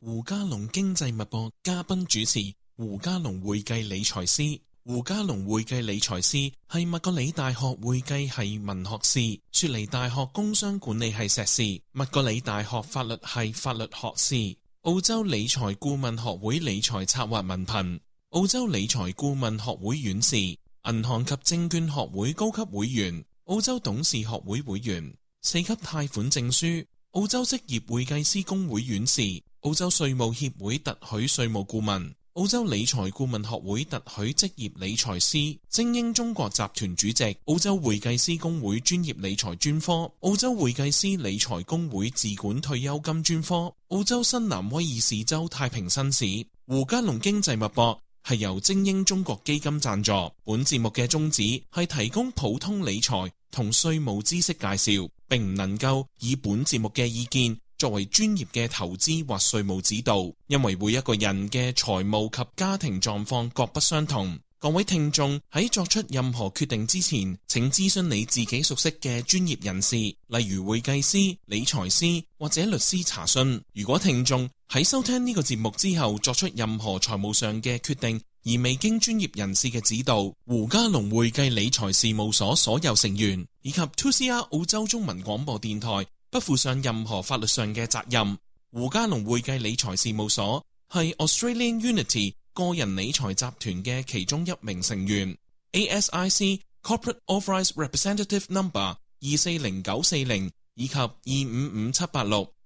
胡嘉龍經濟脈搏嘉賓主持，胡嘉龍會計理財師，胡嘉龍會計理財師係麥覺理大學會計系文學士，雪梨大學工商管理系碩士，麥覺理大學法律系法律學士，澳洲理財顧問學會理財策劃文憑，澳洲理財顧問學會院士，銀行及證券學會高級會員，澳洲董事學會會，會員，四級貸款證書。澳洲職業會計師工會院士、澳洲稅務協會特許稅務顧問、澳洲理財顧問學會特許職業理財師、精英中國集團主席、澳洲會計師工會專業理財專科、澳洲會計師理財工會自管退休金專科、澳洲新南威爾士州太平紳士，胡嘉龍經濟脈搏係由精英中國基金贊助，本節目嘅宗旨係提供普通理財，同稅務知識介紹，並唔能夠以本節目嘅意見作為專業嘅投資或稅務指導，因為每一個人嘅財務及家庭狀況各不相同。各位聽眾喺作出任何決定之前，請諮詢你自己熟悉嘅專業人士，例如會計師、理財師或者律師查詢。如果聽眾喺收聽呢個節目之後作出任何財務上嘅決定，而未經專業人士嘅指導，胡嘉龍會計理財事務所所有成員以及 2CR 澳洲中文廣播電台不負上任何法律上嘅責任。胡嘉龍會計理財事務所係 Australian Unity 個人理財集團嘅其中一名成員，ASIC Corporate Authorised Representative Number 二四零九四零以及二五五七八六。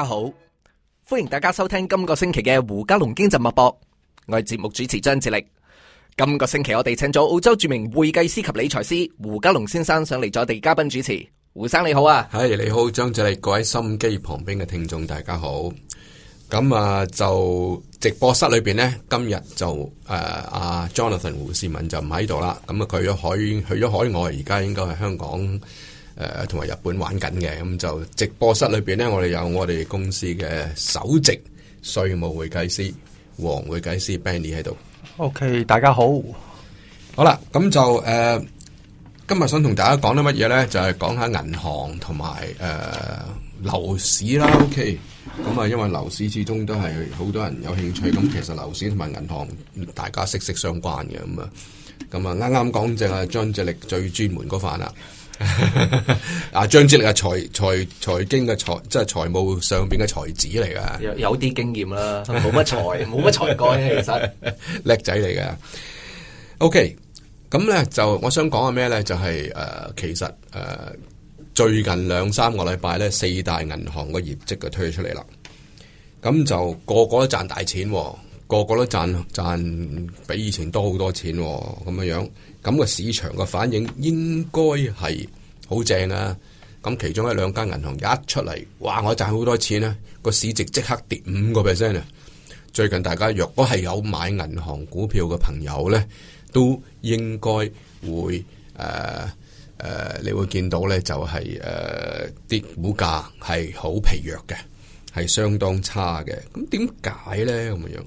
大家好，歡迎大家收聽今個星期嘅胡嘉龍經濟脈搏，我係節目主持張志力。今個星期我哋請咗澳洲著名會計師及理財師胡嘉龍先生上嚟做地嘉賓主持。胡生你好啊，係、hey, 你好，張志力各位心機旁邊嘅聽眾大家好。咁啊就直播室裏邊呢，今日就誒阿、uh, Jonathan 胡志文就唔喺度啦。咁啊佢去咗海，去咗海外，而家應該係香港。誒，同埋日本玩緊嘅，咁就直播室裏邊呢，我哋有我哋公司嘅首席稅務會計師黃會計師 Benny 喺度。OK，大家好，好啦，咁就誒、呃，今日想同大家講啲乜嘢呢？就係、是、講下銀行同埋誒樓市啦。OK，咁啊、嗯，因為樓市始終都係好多人有興趣，咁、嗯、其實樓市同埋銀行大家息息相關嘅，咁、嗯、啊，咁、嗯、啊，啱啱講正啊，張智力最專門嗰份啦。啊， 張子力係財財財經嘅財，即係財務上邊嘅才子嚟噶，有啲經驗啦，冇乜才，冇乜才幹，其實叻仔嚟嘅。OK，咁咧就我想講嘅咩咧，就係誒，其實誒，最近兩三個禮拜咧，四大銀行嘅業績就推出嚟啦，咁就個個都賺大錢、哦，個個都賺賺比以前多好多錢、哦，咁樣樣。咁個市場個反應應該係好正啊！咁其中一兩間銀行一出嚟，哇！我賺好多錢咧，個市值即刻跌五個 percent 啊！最近大家若果係有買銀行股票嘅朋友呢，都應該會誒誒、呃呃，你會見到呢、就係，就係誒啲股價係好疲弱嘅，係相當差嘅。咁點解呢？咁樣。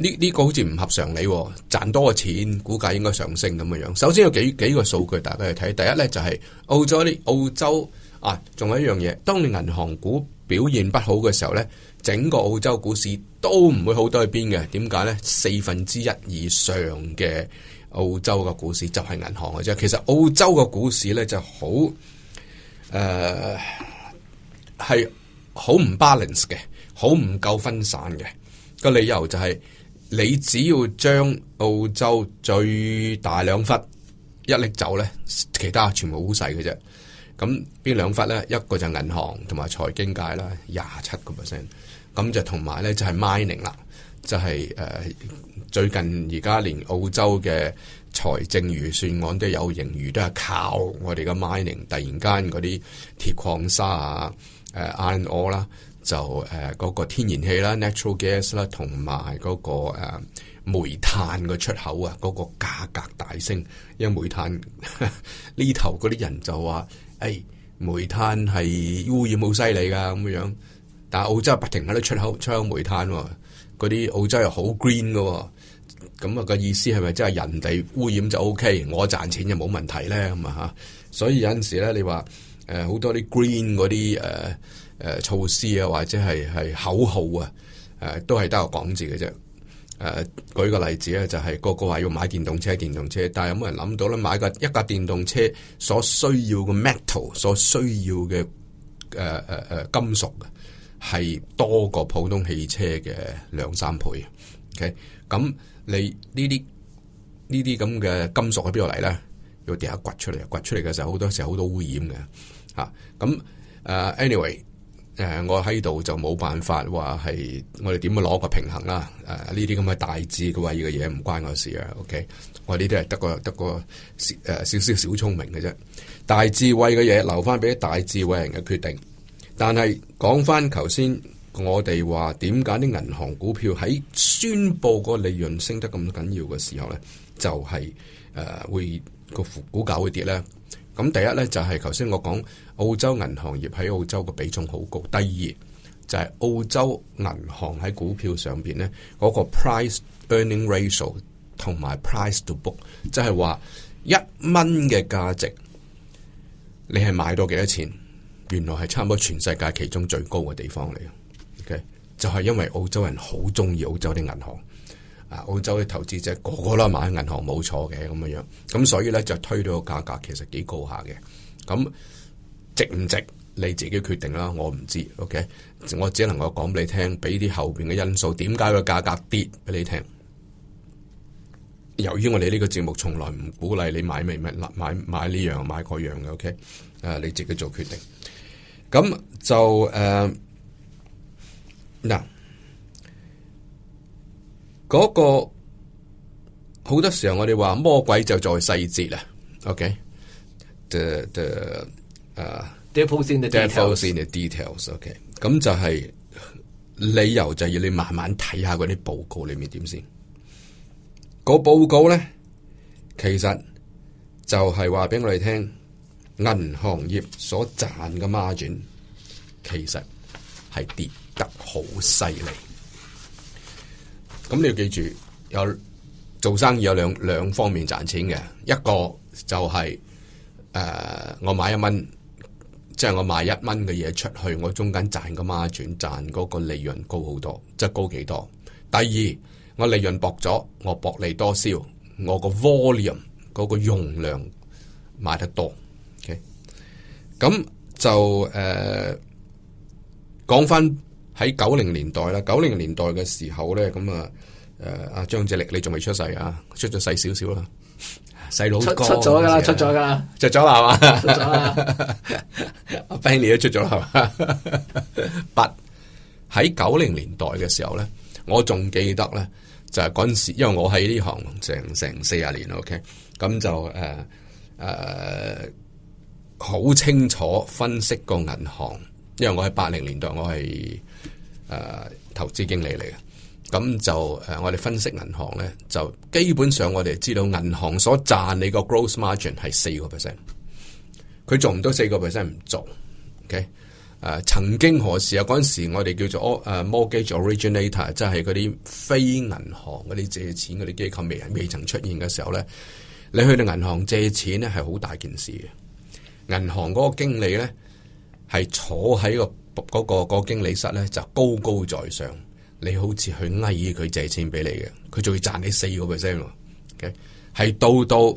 呢呢個好似唔合常理、哦，賺多嘅錢，股價應該上升咁嘅樣。首先有幾幾個數據，大家去睇。第一呢就係、是、澳洲啲澳洲啊，仲有一樣嘢，當你銀行股表現不好嘅時候呢，整個澳洲股市都唔會好到去邊嘅。點解呢？四分之一以上嘅澳洲嘅股市就係銀行嘅啫。其實澳洲嘅股市呢，就好誒，係好唔 balance 嘅，好唔夠分散嘅。個理由就係、是。你只要將澳洲最大兩忽一拎走咧，其他全部好細嘅啫。咁邊兩忽咧？一個就銀行同埋財經界啦，廿七個 percent。咁就同埋咧就係 mining 啦，就係、是、誒、就是呃、最近而家連澳洲嘅財政預算案都有盈餘，都係靠我哋嘅 mining。突然間嗰啲鐵礦砂啊，誒 iron ore 啦。O, 就誒嗰、呃那個天然氣啦、natural gas 啦、那個，同埋嗰個煤炭嘅出口啊，嗰、那個價格大升，因為煤炭呢頭嗰啲人就話，誒、欸、煤炭係污染好犀利㗎咁樣，但澳洲不停喺度出口出口煤炭、哦，嗰啲澳洲又好 green 嘅、哦，咁、那、啊個意思係咪真係人哋污染就 O、OK, K，我賺錢就冇問題咧咁啊？嚇，所以有陣時咧，你話誒好多啲 green 嗰啲誒。呃誒、呃、措施啊，或者係係口號啊，誒、呃、都係得個講字嘅啫。誒、呃，舉個例子咧、啊，就係、是、個個話要買電動車，電動車，但係有冇人諗到咧？買一個一架電動車所需要嘅 metal，所需要嘅誒誒誒金屬嘅，係多過普通汽車嘅兩三倍。OK，咁你呢啲呢啲咁嘅金屬喺邊度嚟咧？要地下掘出嚟，掘出嚟嘅時候好多時候好多污染嘅嚇。咁、啊、誒、啊、，anyway。誒、呃，我喺度就冇辦法話係我哋點樣攞個平衡啦、啊。誒、呃，呢啲咁嘅大智慧嘅嘢唔關我事啊。OK，我呢啲係得個得個誒少少小聰明嘅啫。大智慧嘅嘢留翻俾大智慧人嘅決定。但係講翻頭先，我哋話點解啲銀行股票喺宣佈個利潤升得咁緊要嘅時候咧，就係、是、誒、呃、會個股價會跌咧？咁第一呢，就係頭先我講，澳洲銀行業喺澳洲個比重好高。第二就係澳洲銀行喺股票上邊呢，嗰個 price earning ratio 同埋 price to book，即係話一蚊嘅價值你係買到幾多錢，原來係差唔多全世界其中最高嘅地方嚟。OK，就係因為澳洲人好中意澳洲啲銀行。澳洲嘅投資者個個都買銀行冇錯嘅咁樣樣，咁所以咧就推到個價格其實幾高下嘅，咁值唔值你自己決定啦，我唔知，OK，我只能夠講俾你聽，俾啲後邊嘅因素點解個價格跌俾你聽。由於我哋呢個節目從來唔鼓勵你買咩咩，買買呢樣買嗰樣嘅，OK，誒、啊、你自己做決定。咁就誒嗱。呃嗰、那個好多時候我哋話魔鬼就在細節啦，OK？The the 誒，they're uh, posting the details，OK？Details,、okay? 咁就係、是、理由，就要你慢慢睇下嗰啲報告裏面點先。那個報告咧，其實就係話俾我哋聽，銀行業所賺嘅 margin 其實係跌得好犀利。咁、嗯、你要記住，有做生意有兩兩方面賺錢嘅，一個就係、是、誒、呃，我買一蚊，即係我賣一蚊嘅嘢出去，我中間賺個孖轉，賺嗰個利潤高好多，即係高幾多。第二，我利潤薄咗，我薄利多銷，我個 volume 嗰個容量賣得多。咁、okay? 就誒、呃、講翻。喺九零年代啦，九零年代嘅時候咧，咁、嗯、啊，誒，阿張智力你仲未出世啊，出咗細少少啦，細佬出出咗噶啦，出咗噶啦，着咗啦嘛，出咗啦，阿 Billy 都出咗啦，八喺九零年代嘅時候咧，我仲記得咧，就係嗰陣時，因為我喺呢行成成四十年，OK，咁就誒誒好清楚分析個銀行，因為我喺八零年代我，我係。我誒、啊，投資經理嚟嘅，咁就誒、啊，我哋分析銀行咧，就基本上我哋知道銀行所賺你個 gross margin 係四個 percent，佢做唔到四個 percent 唔做，OK？誒、啊，曾經何時啊，嗰陣時我哋叫做 mortgage originator，即係嗰啲非銀行嗰啲借錢嗰啲機構未未曾出現嘅時候咧，你去到銀行借錢咧係好大件事嘅，銀行嗰個經理咧係坐喺個。嗰、那個、那個經理室咧就高高在上，你好似去拉佢借錢俾你嘅，佢仲要賺你四個 percent 喎。係、okay? 到到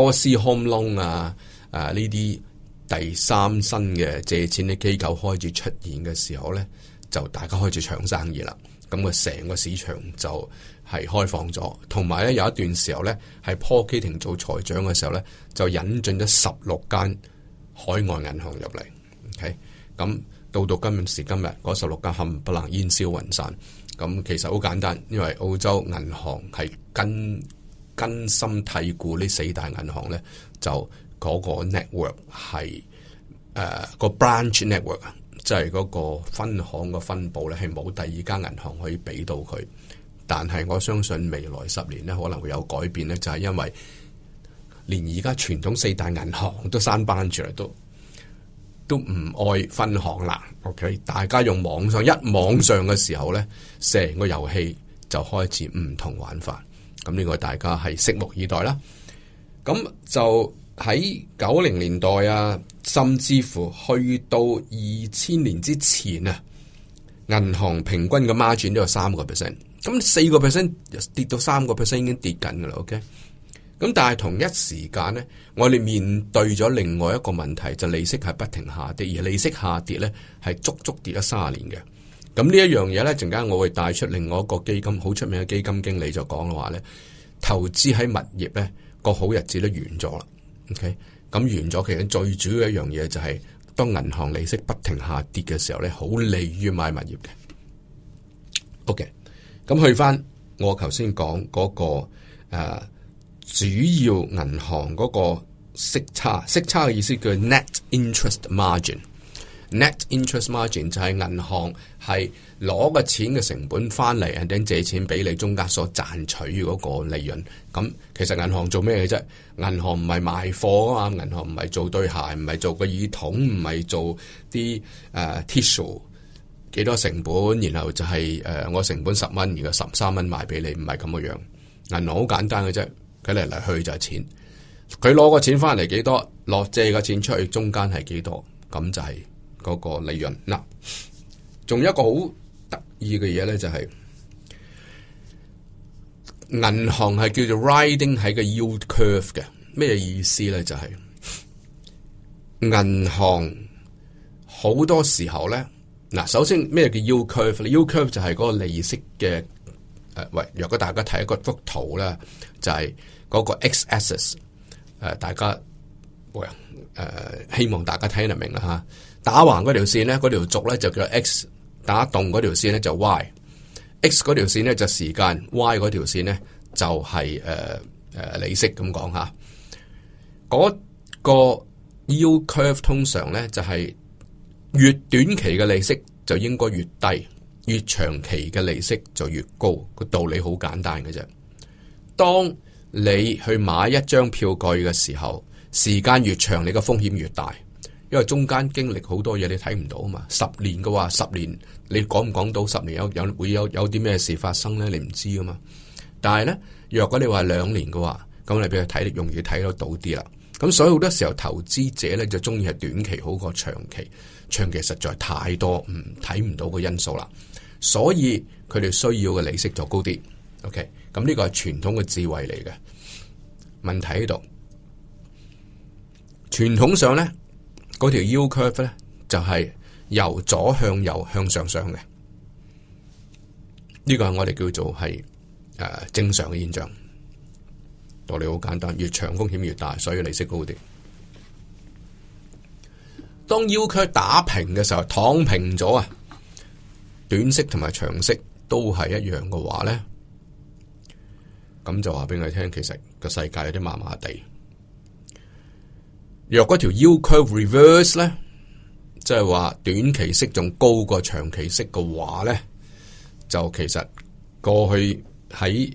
Aussie Home Loans 啊啊呢啲第三身嘅借錢嘅機構開始出現嘅時候咧，就大家開始搶生意啦。咁個成個市場就係開放咗，同埋咧有一段時候咧，係 Paul Keating 做財長嘅時候咧，就引進咗十六間海外銀行入嚟。OK，咁。到到今時今日，嗰十六家冚不能煙消雲散。咁其實好簡單，因為澳洲銀行係根根深蒂固，呢四大銀行咧就嗰個 net、呃、network 係誒個 branch network，即係嗰個分行個分布咧，係冇第二間銀行可以俾到佢。但係我相信未來十年咧可能會有改變咧，就係、是、因為連而家傳統四大銀行都閂班住嚟都。都唔愛分行啦，OK？大家用網上一網上嘅時候呢，成個遊戲就開始唔同玩法，咁呢個大家係拭目以待啦。咁就喺九零年代啊，甚至乎去到二千年之前啊，銀行平均嘅 margin 都有三個 percent，咁四個 percent 跌到三個 percent 已經跌緊噶啦，OK？咁但係同一時間呢，我哋面對咗另外一個問題，就利息係不停下跌，而利息下跌呢，係足足跌咗三十年嘅。咁呢一樣嘢呢，陣間我會帶出另外一個基金好出名嘅基金經理就講嘅話呢，投資喺物業呢，個好日子都完咗啦。OK，咁完咗，其實最主要一樣嘢就係、是，當銀行利息不停下跌嘅時候呢，好利於買物業嘅。OK，咁去翻，我頭先講嗰、那個誒。呃主要銀行嗰個息差，息差嘅意思叫 Net Interest Margin。Net Interest Margin 就係銀行係攞個錢嘅成本翻嚟，人哋借錢俾你，中間所賺取嗰個利潤。咁其實銀行做咩嘅啫？銀行唔係賣貨啊，銀行唔係做對鞋，唔係做個耳筒，唔係做啲誒、uh, tissue 幾多成本，然後就係、是、誒、uh, 我成本十蚊，然後十三蚊賣俾你，唔係咁嘅樣。銀行好簡單嘅啫。佢嚟嚟去就係錢，佢攞個錢返嚟幾多，落借個錢出去中間係幾多，咁就係嗰個利潤。嗱，仲有一個好得意嘅嘢咧，就係、是、銀行係叫做 riding 喺個 yield curve 嘅，咩意思咧？就係、是、銀行好多時候咧，嗱，首先咩叫 yield curve？Yield curve 就係嗰個利息嘅。誒，喂、呃！若果大家睇一個幅圖咧，就係、是、嗰個 X-axis，誒，大家誒，希望大家聽得明啦吓。打橫嗰條線咧，嗰條軸咧就叫 X；打戙嗰條線咧就 Y X。X 嗰條線咧就時間，Y 嗰條線咧就係誒誒，利息咁講吓。嗰、那個 yield curve 通常咧就係、是、越短期嘅利息就應該越低。越長期嘅利息就越高，個道理好簡單嘅啫。當你去買一張票據嘅時候，時間越長，你嘅風險越大，因為中間經歷好多嘢你睇唔到啊嘛。十年嘅話，十年你講唔講到十年有有會有有啲咩事發生呢？你唔知啊嘛。但係呢，若果你話兩年嘅話，咁你比較睇，容易睇得到啲啦。咁所以好多時候投資者呢就中意係短期好過長期，長期實在太多唔睇唔到個因素啦。所以佢哋需要嘅利息就高啲，OK？咁、嗯、呢、這個係傳統嘅智慧嚟嘅。問題喺度，傳統上咧，嗰條 U curve 咧就係、是、由左向右向上上嘅。呢、這個係我哋叫做係誒、呃、正常嘅現象。道理好簡單，越長風險越大，所以利息高啲。當 U curve 打平嘅時候，躺平咗啊！短息同埋長息都係一樣嘅話呢，咁就話俾佢聽，其實個世界有啲麻麻地。若嗰條 U curve reverse 呢，即係話短期息仲高過長期息嘅話呢，就其實過去喺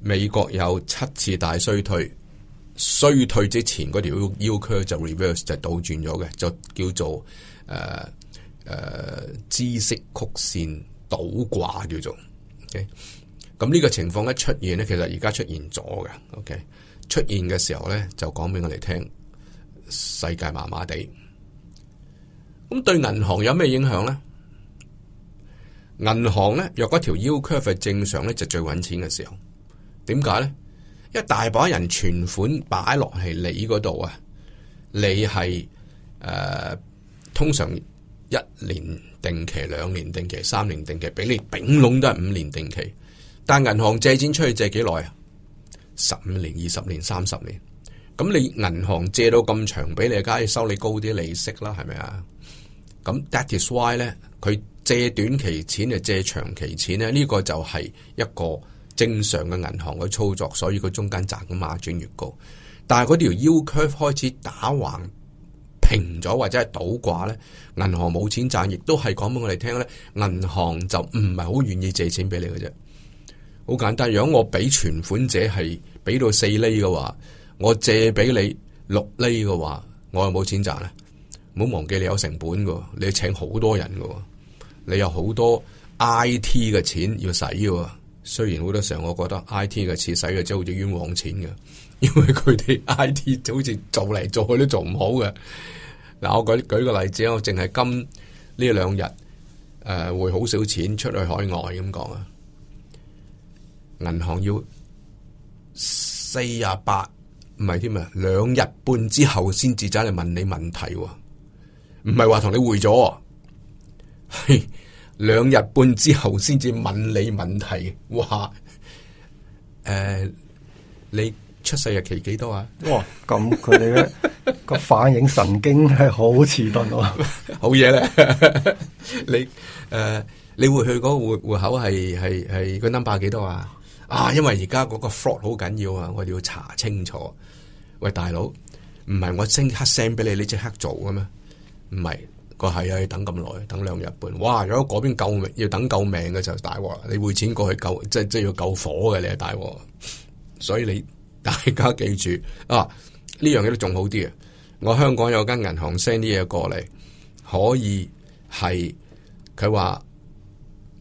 美國有七次大衰退，衰退之前嗰條 U, U curve 就 reverse 就倒轉咗嘅，就叫做誒。呃誒，知識、呃、曲線倒掛叫做，咁、okay？呢個情況一出現呢，其實而家出現咗嘅，OK，出現嘅時候呢，就講俾我哋聽，世界麻麻地，咁對銀行有咩影響呢？銀行呢，若果條 U curve 係正常呢，就最揾錢嘅時候，點解呢？一大把人存款擺落喺你嗰度啊，你係誒、呃、通常。一年定期、兩年定期、三年定期，俾你丙窿都係五年定期。但銀行借錢出去借幾耐啊？十五年、二十年、三十年。咁你銀行借到咁長你，俾你梗係收你高啲利息啦，係咪啊？咁 That is why 咧，佢借短期錢就借長期錢咧，呢、這個就係一個正常嘅銀行嘅操作，所以佢中間賺嘅孖轉越高。但係嗰條 U curve 開始打橫。平咗或者係倒掛咧，銀行冇錢賺，亦都係講俾我哋聽咧，銀行就唔係好願意借錢俾你嘅啫，好簡單。如果我俾存款者係俾到四厘嘅話，我借俾你六厘嘅話，我又冇錢賺啦。唔好忘記你有成本嘅，你要請好多人嘅，你有好多 I T 嘅錢要使嘅。雖然好多時候我覺得 I T 嘅錢使嘅真係好似冤枉錢嘅，因為佢哋 I T 好似做嚟做去都做唔好嘅。嗱，我舉舉個例子啊，我淨係今呢兩日誒，會、呃、好少錢出去海外咁講啊？銀行要四十八，唔係添啊，兩日半之後先至走嚟問你問題，唔係話同你匯咗，係兩日半之後先至問你問題，哇誒、呃，你出世日期幾多啊？哇、哦，咁佢哋咧？ 個反應神經係好遲鈍，好嘢咧！ 你誒，uh, 你會去嗰個戶戶口係係係個 number 幾多啊？啊，因為而家嗰個 fraud 好緊要啊，我哋要查清楚。喂，大佬，唔係我即刻 send 俾你，你即刻做噶咩？唔係個係啊，要等咁耐，等兩日半。哇！如果嗰邊救命要等救命嘅就大鑊啦，你匯錢過去救，即即要救火嘅你係大鑊。所以你大家記住啊！呢樣嘢都仲好啲啊。我香港有間銀行 send 啲嘢過嚟，可以係佢話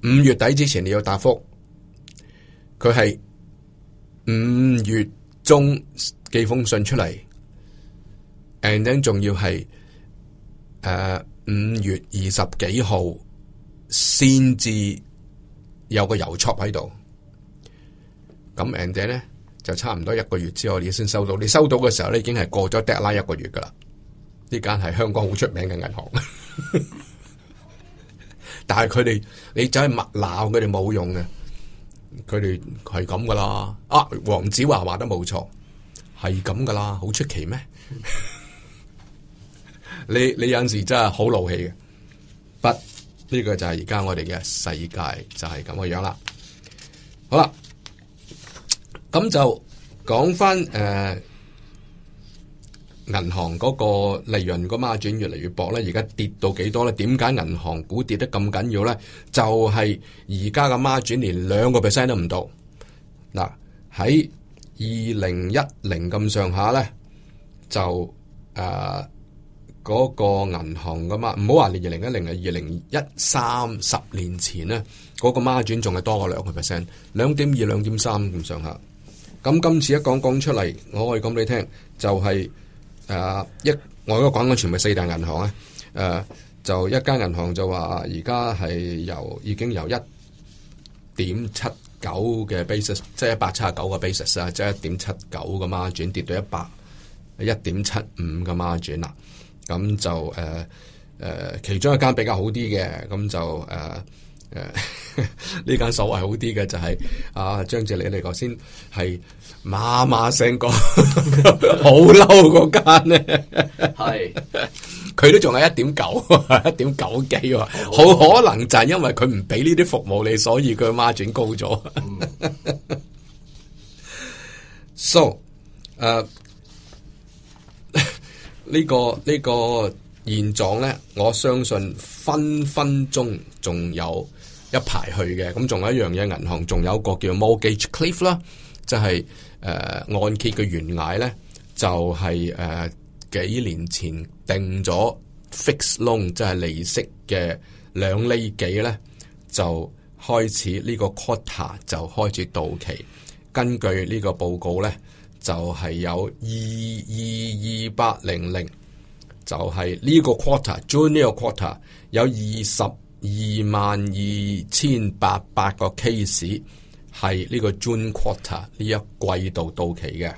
五月底之前你要答覆，佢係五月中寄封信出嚟 and then 仲要係誒五月二十幾號先至有個郵戳喺度，咁 and then 咧。就差唔多一個月之後你先收到，你收到嘅時候你已經係過咗 deadline 一個月噶啦。呢間係香港好出名嘅銀行， 但係佢哋你走去罵鬧佢哋冇用嘅，佢哋係咁噶啦。啊，黃子華話得冇錯，係咁噶啦，好出奇咩？你你有陣時真係好怒氣嘅，不呢個就係而家我哋嘅世界就係咁嘅樣啦。好啦。咁、嗯、就講翻誒，銀、呃、行嗰、那個利潤個孖轉越嚟越薄咧，而家跌到幾多咧？點解銀行股跌得咁緊要咧？就係而家嘅孖轉連兩個 percent 都唔到。嗱，喺二零一零咁上下咧，就誒嗰、呃那個銀行噶嘛，唔好話你二零一零係，二零一三十年前咧，嗰、那個孖轉仲係多過兩個 percent，兩點二、兩點三咁上下。咁今次一講講出嚟，我可以講俾你聽，就係、是、誒、啊、一，我而家講緊全部四大銀行啊，誒就一間銀行就話而家係由已經由一點七九嘅 basis，即係一百七十九個 basis 啊，即係一點七九嘅孖轉跌到一百一點七五嘅孖轉啦，咁就誒誒其中一間比較好啲嘅，咁就誒。啊誒，呢 間所謂好啲嘅就係、是、阿、 啊、張哲禮，你頭先係媽媽聲講好嬲嗰間咧，係佢都仲係一點九， 一點九幾，好可能就係因為佢唔俾呢啲服務你，所以佢 margin 高咗。 mm. so，誒、呃、呢、這個呢、這個這個這個現狀咧，我相信分分鐘仲有。一排去嘅，咁仲有一樣嘢，銀行仲有一個叫 mortgage cliff 啦，即係誒按揭嘅懸崖咧，就係、是、誒、呃、幾年前定咗 fixed loan，即係利息嘅兩厘幾咧，就開始呢個 quarter 就開始到期。根據呢個報告咧，就係、是、有二二二八零零，就係呢個 quarter，junior quarter 有二十。二萬二千八百個 case 係呢個，個 June Quarter 呢一季度到期嘅，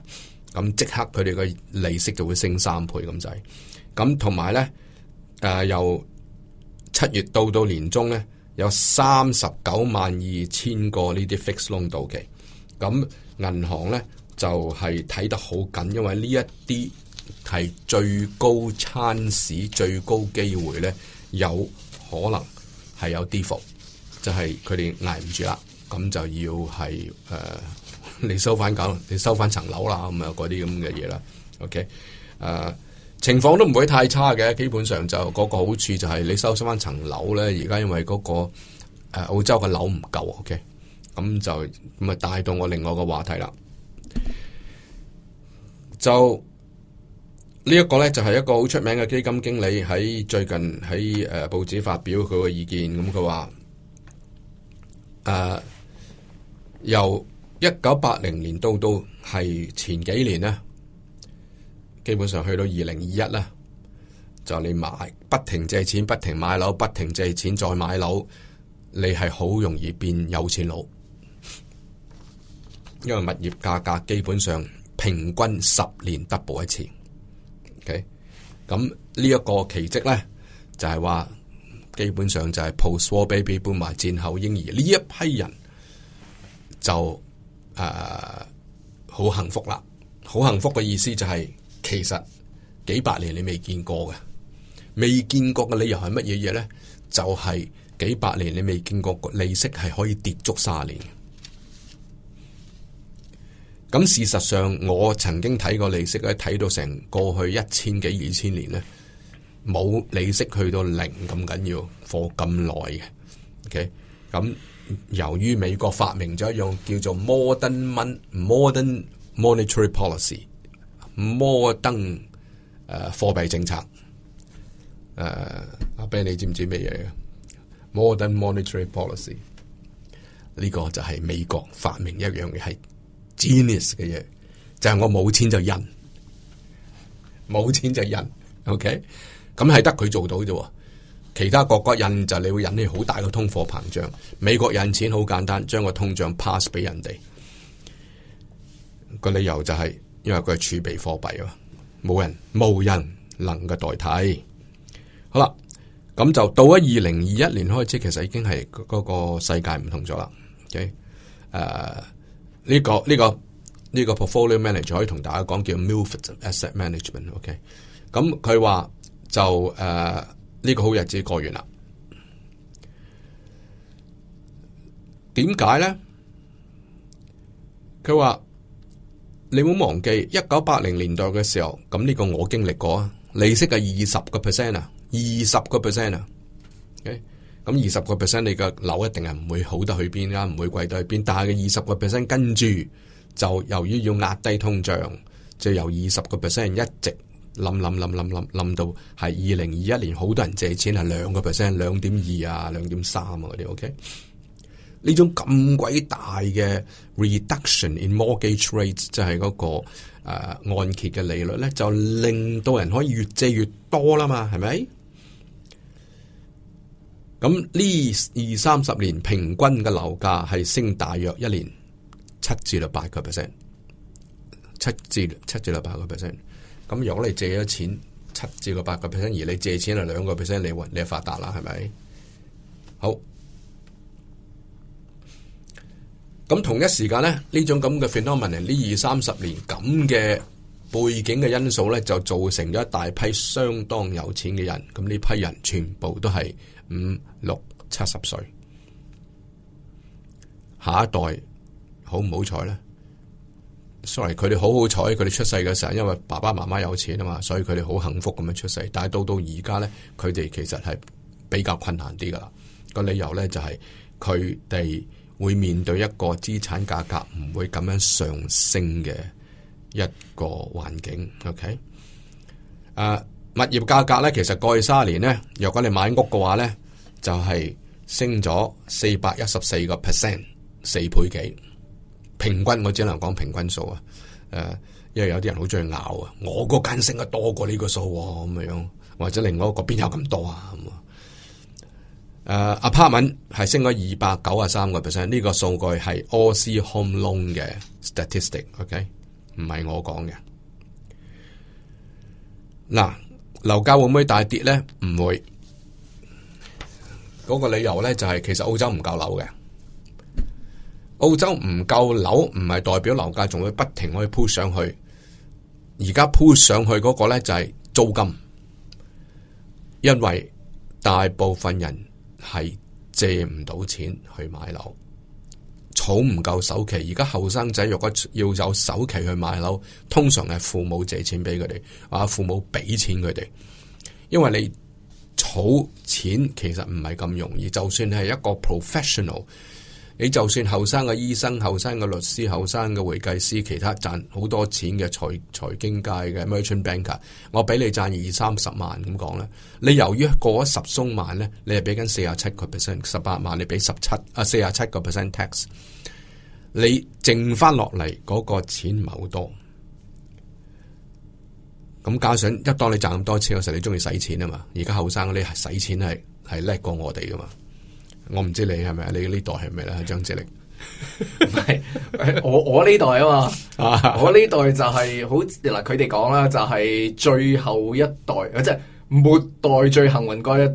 咁即刻佢哋嘅利息就會升三倍咁滯。咁同埋呢誒、呃、由七月到到年中呢，有三十九萬二千個呢啲 fixed loan 到期，咁銀行呢就係、是、睇得好緊，因為呢一啲係最高 chance，最高機會呢有可能。係有跌幅，就係佢哋捱唔住啦，咁就要係誒、呃，你收翻搞，你收翻層樓啦，咁啊嗰啲咁嘅嘢啦。OK，誒、呃，情況都唔會太差嘅，基本上就嗰個好處就係你收收翻層樓咧。而家因為嗰、那個誒、呃、澳洲嘅樓唔夠，OK，咁就咁啊，帶動我另外一個話題啦，就。呢一個咧，就係一個好出名嘅基金經理喺最近喺誒，報紙發表佢嘅意見，咁佢話，誒，由一九八零年到到係前幾年呢，基本上去到二零二一呢，就你買不停借錢，不停買樓，不停借錢再買樓，你係好容易變有錢佬，因為物業價格基本上平均十年 double 一次。咁呢一個奇迹呢，就係、是、話基本上就係 post war baby，搬埋戰後嬰兒呢一批人就誒好、呃、幸福啦。好幸福嘅意思就係、是、其實幾百年你未見過嘅未見過嘅理由係乜嘢嘢呢？就係、是、幾百年你未見過利息係可以跌足三十年。咁事實上，我曾經睇過利息咧，睇到成過去一千幾二千年咧，冇利息去到零咁緊要，放咁耐嘅。OK，咁、嗯、由於美國發明咗一樣叫做 modern money、modern monetary policy modern,、呃、modern 誒貨幣政策。誒、呃，阿 Ben，你知唔知咩嘢嘅 modern monetary policy？呢個就係美國發明一樣嘅係。Genius 嘅嘢就係、是、我冇錢就印，冇錢就印，OK，咁係得佢做到啫。其他國家印就你會引起好大嘅通貨膨脹。美國印錢好簡單，將個通脹 pass 俾人哋。個理由就係因為佢係儲備貨幣啊，冇人冇人能嘅代替。好啦，咁就到咗二零二一年開始，其實已經係嗰個世界唔同咗啦。OK，誒、uh,。呢、這個呢、這個呢、這個 portfolio manager 可以同大家講叫 multi asset management okay?、嗯。OK，咁佢話就誒呢、呃這個好日子過完啦。點解咧？佢話你冇忘記一九八零年代嘅時候，咁、嗯、呢、這個我經歷過啊，利息係二十個 percent 啊，二十個 percent 啊。咁二十個 percent，你嘅樓一定係唔會好得去邊啦，唔會貴到去邊。但係嘅二十個 percent 跟住，就由於要壓低通脹，就由二十個 percent 一直冧冧冧冧冧冧到係二零二一年，好多人借錢係兩個 percent，兩點二啊，兩點三啊嗰啲。OK，呢種咁鬼大嘅 reduction in mortgage rates 就係嗰，那個誒、呃、按揭嘅利率咧，就令到人可以越借越多啦嘛，係咪？咁呢二三十年平均嘅樓價係升大約一年七至到八個 percent，七至七至到八個 percent。咁如果你借咗錢七至到八個 percent，而你借錢係兩個 percent，你話你發達啦，係咪？好。咁同一時間咧，呢種咁嘅 phenomenon，呢二三十年咁嘅背景嘅因素咧，就造成咗一大批相當有錢嘅人。咁呢批人全部都係。五、六、七十歲，下一代好唔好彩呢？sorry，佢哋好好彩，佢哋出世嘅時候，因為爸爸媽媽有錢啊嘛，所以佢哋好幸福咁樣出世。但係到到而家呢，佢哋其實係比較困難啲噶啦。個理由呢，就係佢哋會面對一個資產價格唔會咁樣上升嘅一個環境。OK，啊、uh。物業價格咧，其實過去三年咧，若果你買屋嘅話咧，就係升咗四百一十四個 percent，四倍幾。平均我只能講平均數啊，誒，因為有啲人好中意咬啊，我嗰間升得多過呢個數咁嘅樣，或者另外一個邊有咁多啊？誒，apartment 係升咗二百九十三個 percent，呢個數據係 Aussie Home Loan 嘅 Statistic，OK？唔係我講嘅。嗱。樓價會唔會大跌呢？唔會，嗰、那個理由呢，就係、是、其實澳洲唔夠樓嘅，澳洲唔夠樓唔係代表樓價仲會不停可以鋪上去，而家鋪上去嗰個呢，就係、是、租金，因為大部分人係借唔到錢去買樓。儲唔夠首期，而家後生仔若果要有首期去買樓，通常係父母借錢俾佢哋，或者父母俾錢佢哋，因為你儲錢其實唔係咁容易，就算你係一個 professional。你就算後生嘅醫生、後生嘅律師、後生嘅會計師、其他賺好多錢嘅財財經界嘅 merchant banker，我畀你賺二三十萬咁講啦。你由於過咗十松萬咧，你係畀緊四十七個 percent 十八萬，你畀十七啊四十七個 percent tax，你剩翻落嚟嗰個錢唔係好多。咁加上一當你賺咁多錢嘅時候，你中意使錢啊嘛？而家後生你啲使錢係係叻過我哋噶嘛？我唔知你係咪，你呢代係咪咧？張智霖係， 我我呢代啊嘛， 我呢代就係、是、好嗱，佢哋講啦，就係最後一代，即係末代最幸運嗰一一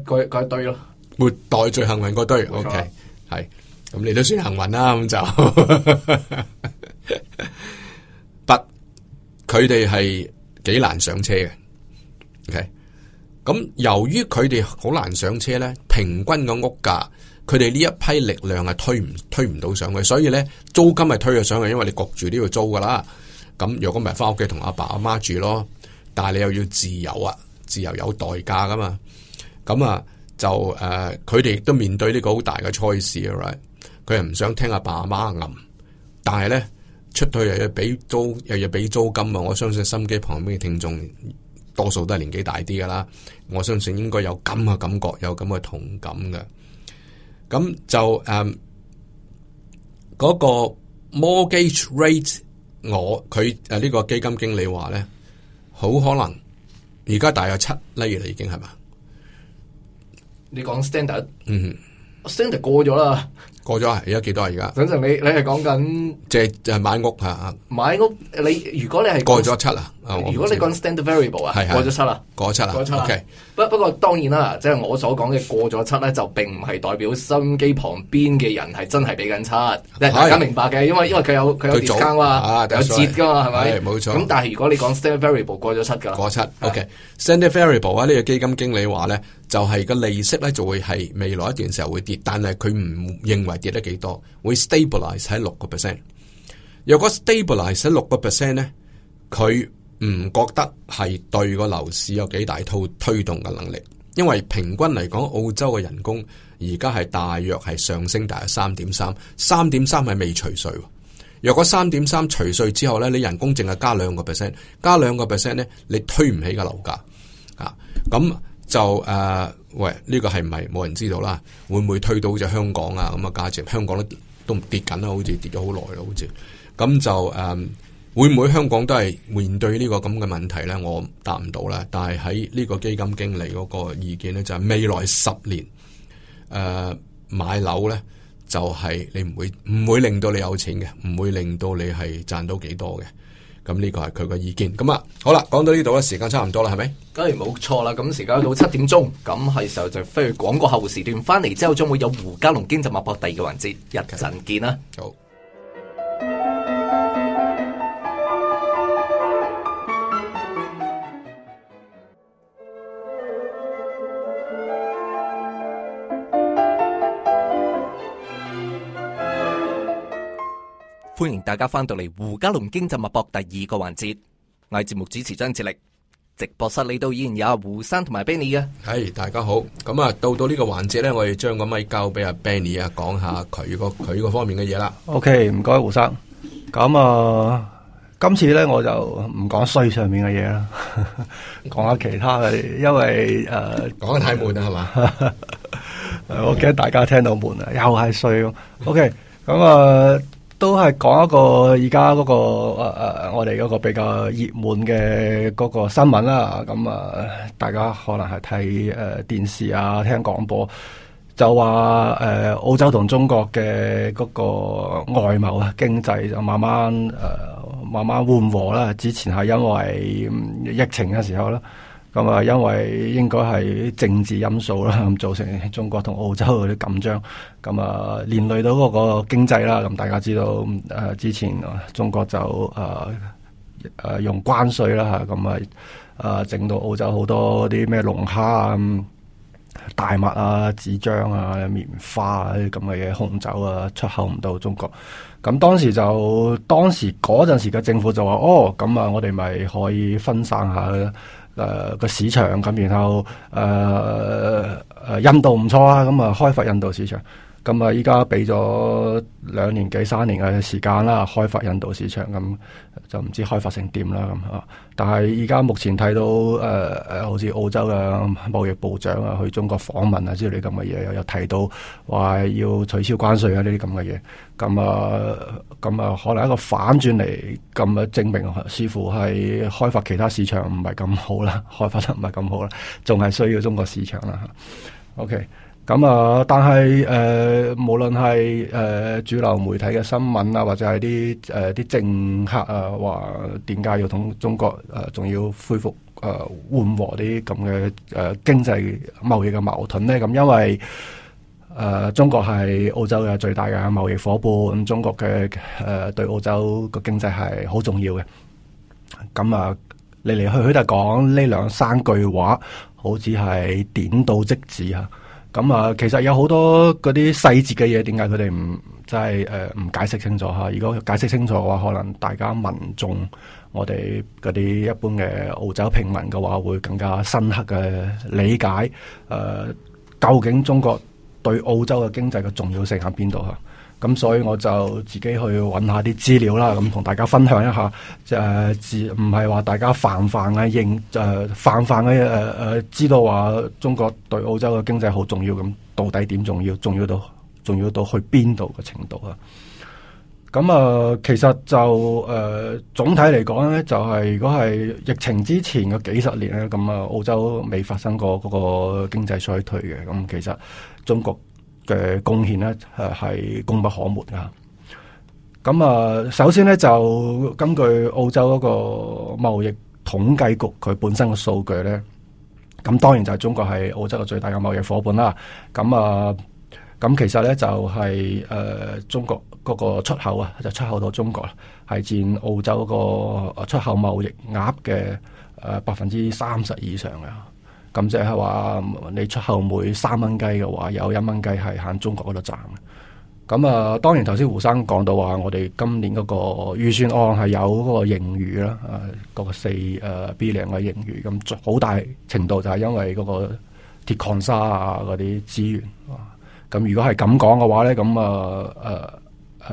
堆咯，末代最幸運嗰堆。O K，係咁，okay，你都算幸運啦，咁就不，佢哋係幾難上車嘅。O K，咁由於佢哋好難上車咧，平均嘅屋價。佢哋呢一批力量係推唔推唔到上去，所以咧租金係推咗上去，因為你焗住都要租噶啦。咁如果唔係翻屋企同阿爸阿媽，媽住咯，但係你又要自由啊，自由有代價噶嘛。咁啊就誒，佢哋亦都面對呢個好大嘅賽事啊，佢又唔想聽阿爸阿媽撳，但係咧出去又要俾租，又要俾租金啊！我相信心機旁邊嘅聽眾多數都係年紀大啲噶啦，我相信應該有咁嘅感覺，有咁嘅同感嘅。咁就誒，嗰、um, 個 mortgage rate，我佢誒呢個基金經理話咧，好可能而家大約七厘你、mm hmm. 啦，已經係嘛？你講 standard，嗯，standard 過咗啦，過咗啊？而家幾多啊？而家？等陣，你你係講緊即係就買屋吓？買屋你如果你係過咗七啊？哦、如果你講 standard variable 啊，過咗七啦，過了七啦，過了七了。Okay. 不不過當然啦，即、就、係、是、我所講嘅過咗七咧，就並唔係代表心機旁邊嘅人係真係俾緊七，哎、呀大家明白嘅。因為因為佢有佢有跌噶嘛、啊，啊、有折噶嘛，係咪、啊？冇錯。咁錯但係如果你講 standard variable 過咗七,七，過七的。OK，stand、okay. variable 啊，呢個基金經理話咧，就係、是、個利息咧就會係未來一段時候會跌，但係佢唔認為跌得幾多，會 stabilize 喺六個 percent。如果 stabilize 喺六個 percent 咧，佢。唔覺得係對個樓市有幾大套推動嘅能力，因為平均嚟講，澳洲嘅人工而家係大約係上升大約三點三，三點三係未除稅。若果三點三除稅之後咧，你人工淨係加兩個 percent，加兩個 percent 咧，你推唔起個樓價啊！咁就誒、啊，喂，呢、這個係唔係冇人知道啦？會唔會推到好似香港啊？咁啊，價值香港咧都，都跌緊啦，好似跌咗好耐啦，好似咁就誒。啊會唔會香港都係面對呢個咁嘅問題咧？我答唔到啦。但係喺呢個基金經理嗰個意見咧，就係、是、未來十年誒、呃、買樓咧，就係、是、你唔會唔會令到你有錢嘅，唔會令到你係賺到幾多嘅。咁呢個係佢嘅意見。咁啊，好啦，講到呢度咧，時間差唔多啦，係咪？梗係冇錯啦。咁時間去到七點鐘，咁係時候就飛去廣告後時段。翻嚟之後，將會有胡嘉龍經濟脈搏第二個環節，一陣見啦。好。歡迎大家翻到嚟胡嘉龍經濟脈搏第二個環節，我係節目主持張智力，直播室嚟到依然有阿胡生同埋 Benny 嘅，係、hey, 大家好。咁、嗯、啊，到到呢個環節咧，我哋將個咪交俾阿 Benny 啊，講下佢個佢個方面嘅嘢啦。OK，唔該胡生。咁啊，今次咧我就唔講稅上面嘅嘢啦， 講下其他嘅，因為誒、呃、講得太悶啦係嘛， 吧 我驚大家聽到悶 okay, 啊，又係稅。OK，咁啊。都係講一個而家嗰個誒、呃、我哋嗰個比較熱門嘅嗰個新聞啦。咁啊，大家可能係睇誒電視啊，聽廣播，就話誒、呃、澳洲同中國嘅嗰個外貿啊，經濟就慢慢誒、呃、慢慢緩和啦。之前係因為疫情嘅時候啦。咁啊，因為應該係政治因素啦，咁造成中國同澳洲嗰啲緊張，咁啊連累到嗰個經濟啦。咁大家知道，誒之前中國就誒誒用關稅啦，吓咁啊，誒整到澳洲好多啲咩龍蝦啊、大麥啊、紙張啊、棉花啊啲咁嘅嘢、紅酒啊，出口唔到中國。咁當時就當時嗰陣時嘅政府就話，哦，咁啊，我哋咪可以分散下誒個、呃、市場咁，然後誒誒、呃呃、印度唔錯啊，咁啊開發印度市場。咁啊！依家俾咗兩年幾三年嘅時間啦，開發印度市場咁就唔知開發成點啦咁啊！但係依家目前睇到誒誒，好似澳洲嘅貿易部長啊，去中國訪問啊，之類咁嘅嘢，又有提到話要取消關稅啊，呢啲咁嘅嘢。咁啊咁啊，可能一個反轉嚟咁啊，證明似乎係開發其他市場唔係咁好啦，開發得唔係咁好啦，仲係需要中國市場啦。OK。咁啊！但係誒，無論係誒主流媒體嘅新聞啊，或者係啲誒啲政客啊，話點解要同中國誒仲要恢復誒緩和啲咁嘅誒經濟貿易嘅矛盾咧？咁因為誒中國係澳洲嘅最大嘅貿易夥伴，咁中國嘅誒對澳洲個經濟係好重要嘅。咁啊，嚟嚟去去都係講呢兩三句話，好似係點到即止啊！咁啊，其實有好多嗰啲細節嘅嘢，點解佢哋唔即係誒唔解釋清楚嚇？如果解釋清楚嘅話，可能大家民眾，我哋嗰啲一般嘅澳洲平民嘅話，會更加深刻嘅理解誒、呃，究竟中國對澳洲嘅經濟嘅重要性喺邊度嚇？咁所以我就自己去揾下啲資料啦，咁同大家分享一下，就、呃、自唔係話大家泛泛啊，認，就泛泛嘅誒誒，知道話中國對澳洲嘅經濟好重要咁，到底點重要？重要到重要到去邊度嘅程度啊？咁啊、呃，其實就誒、呃、總體嚟講咧，就係、是、如果係疫情之前嘅幾十年咧，咁啊澳洲未發生過嗰個經濟衰退嘅，咁其實中國。嘅貢獻咧，誒係功不可沒啊。咁啊，首先咧就根據澳洲嗰個貿易統計局佢本身嘅數據咧，咁當然就係中國係澳洲嘅最大嘅貿易夥伴啦。咁啊，咁其實咧就係、是、誒、呃、中國嗰個出口啊，就是、出口到中國啦，係佔澳洲個出口貿易額嘅誒百分之三十以上噶。咁即係話你出口每三蚊雞嘅話，有一蚊雞係喺中國嗰度賺嘅。咁啊，當然頭先胡生講到話，我哋今年嗰個預算案係有嗰個盈餘啦，啊，嗰個四誒 B 零嘅盈餘，咁好大程度就係因為嗰個鐵礦砂啊嗰啲資源。咁如果係咁講嘅話咧，咁啊誒誒。啊啊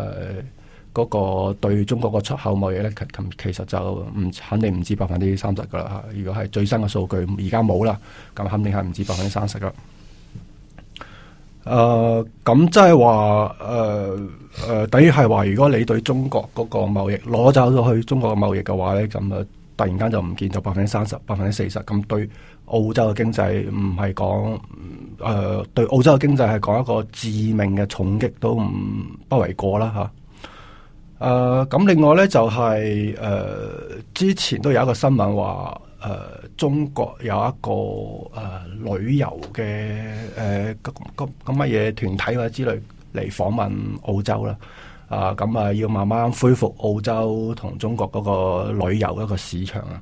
嗰個對中國個出口貿易咧，其實就唔肯定唔止百分之三十噶啦嚇。如果係最新嘅數據，而家冇啦，咁肯定係唔止百分之三十噶。誒，咁即係話誒誒，等於係話，如果你對中國嗰個貿易攞走咗去中國嘅貿易嘅話咧，咁啊，突然間就唔見咗百分之三十、百分之四十，咁對澳洲嘅經濟唔係講誒，對澳洲嘅經濟係講一個致命嘅重擊都唔不為過啦嚇。啊誒，咁、呃、另外呢，就係、是、誒、呃，之前都有一個新聞話，誒、呃，中國有一個誒、呃、旅遊嘅誒咁咁乜嘢團體或者之類嚟訪問澳洲啦，啊、呃，咁、呃、啊、呃、要慢慢恢復澳洲同中國嗰個旅遊一個市場啊，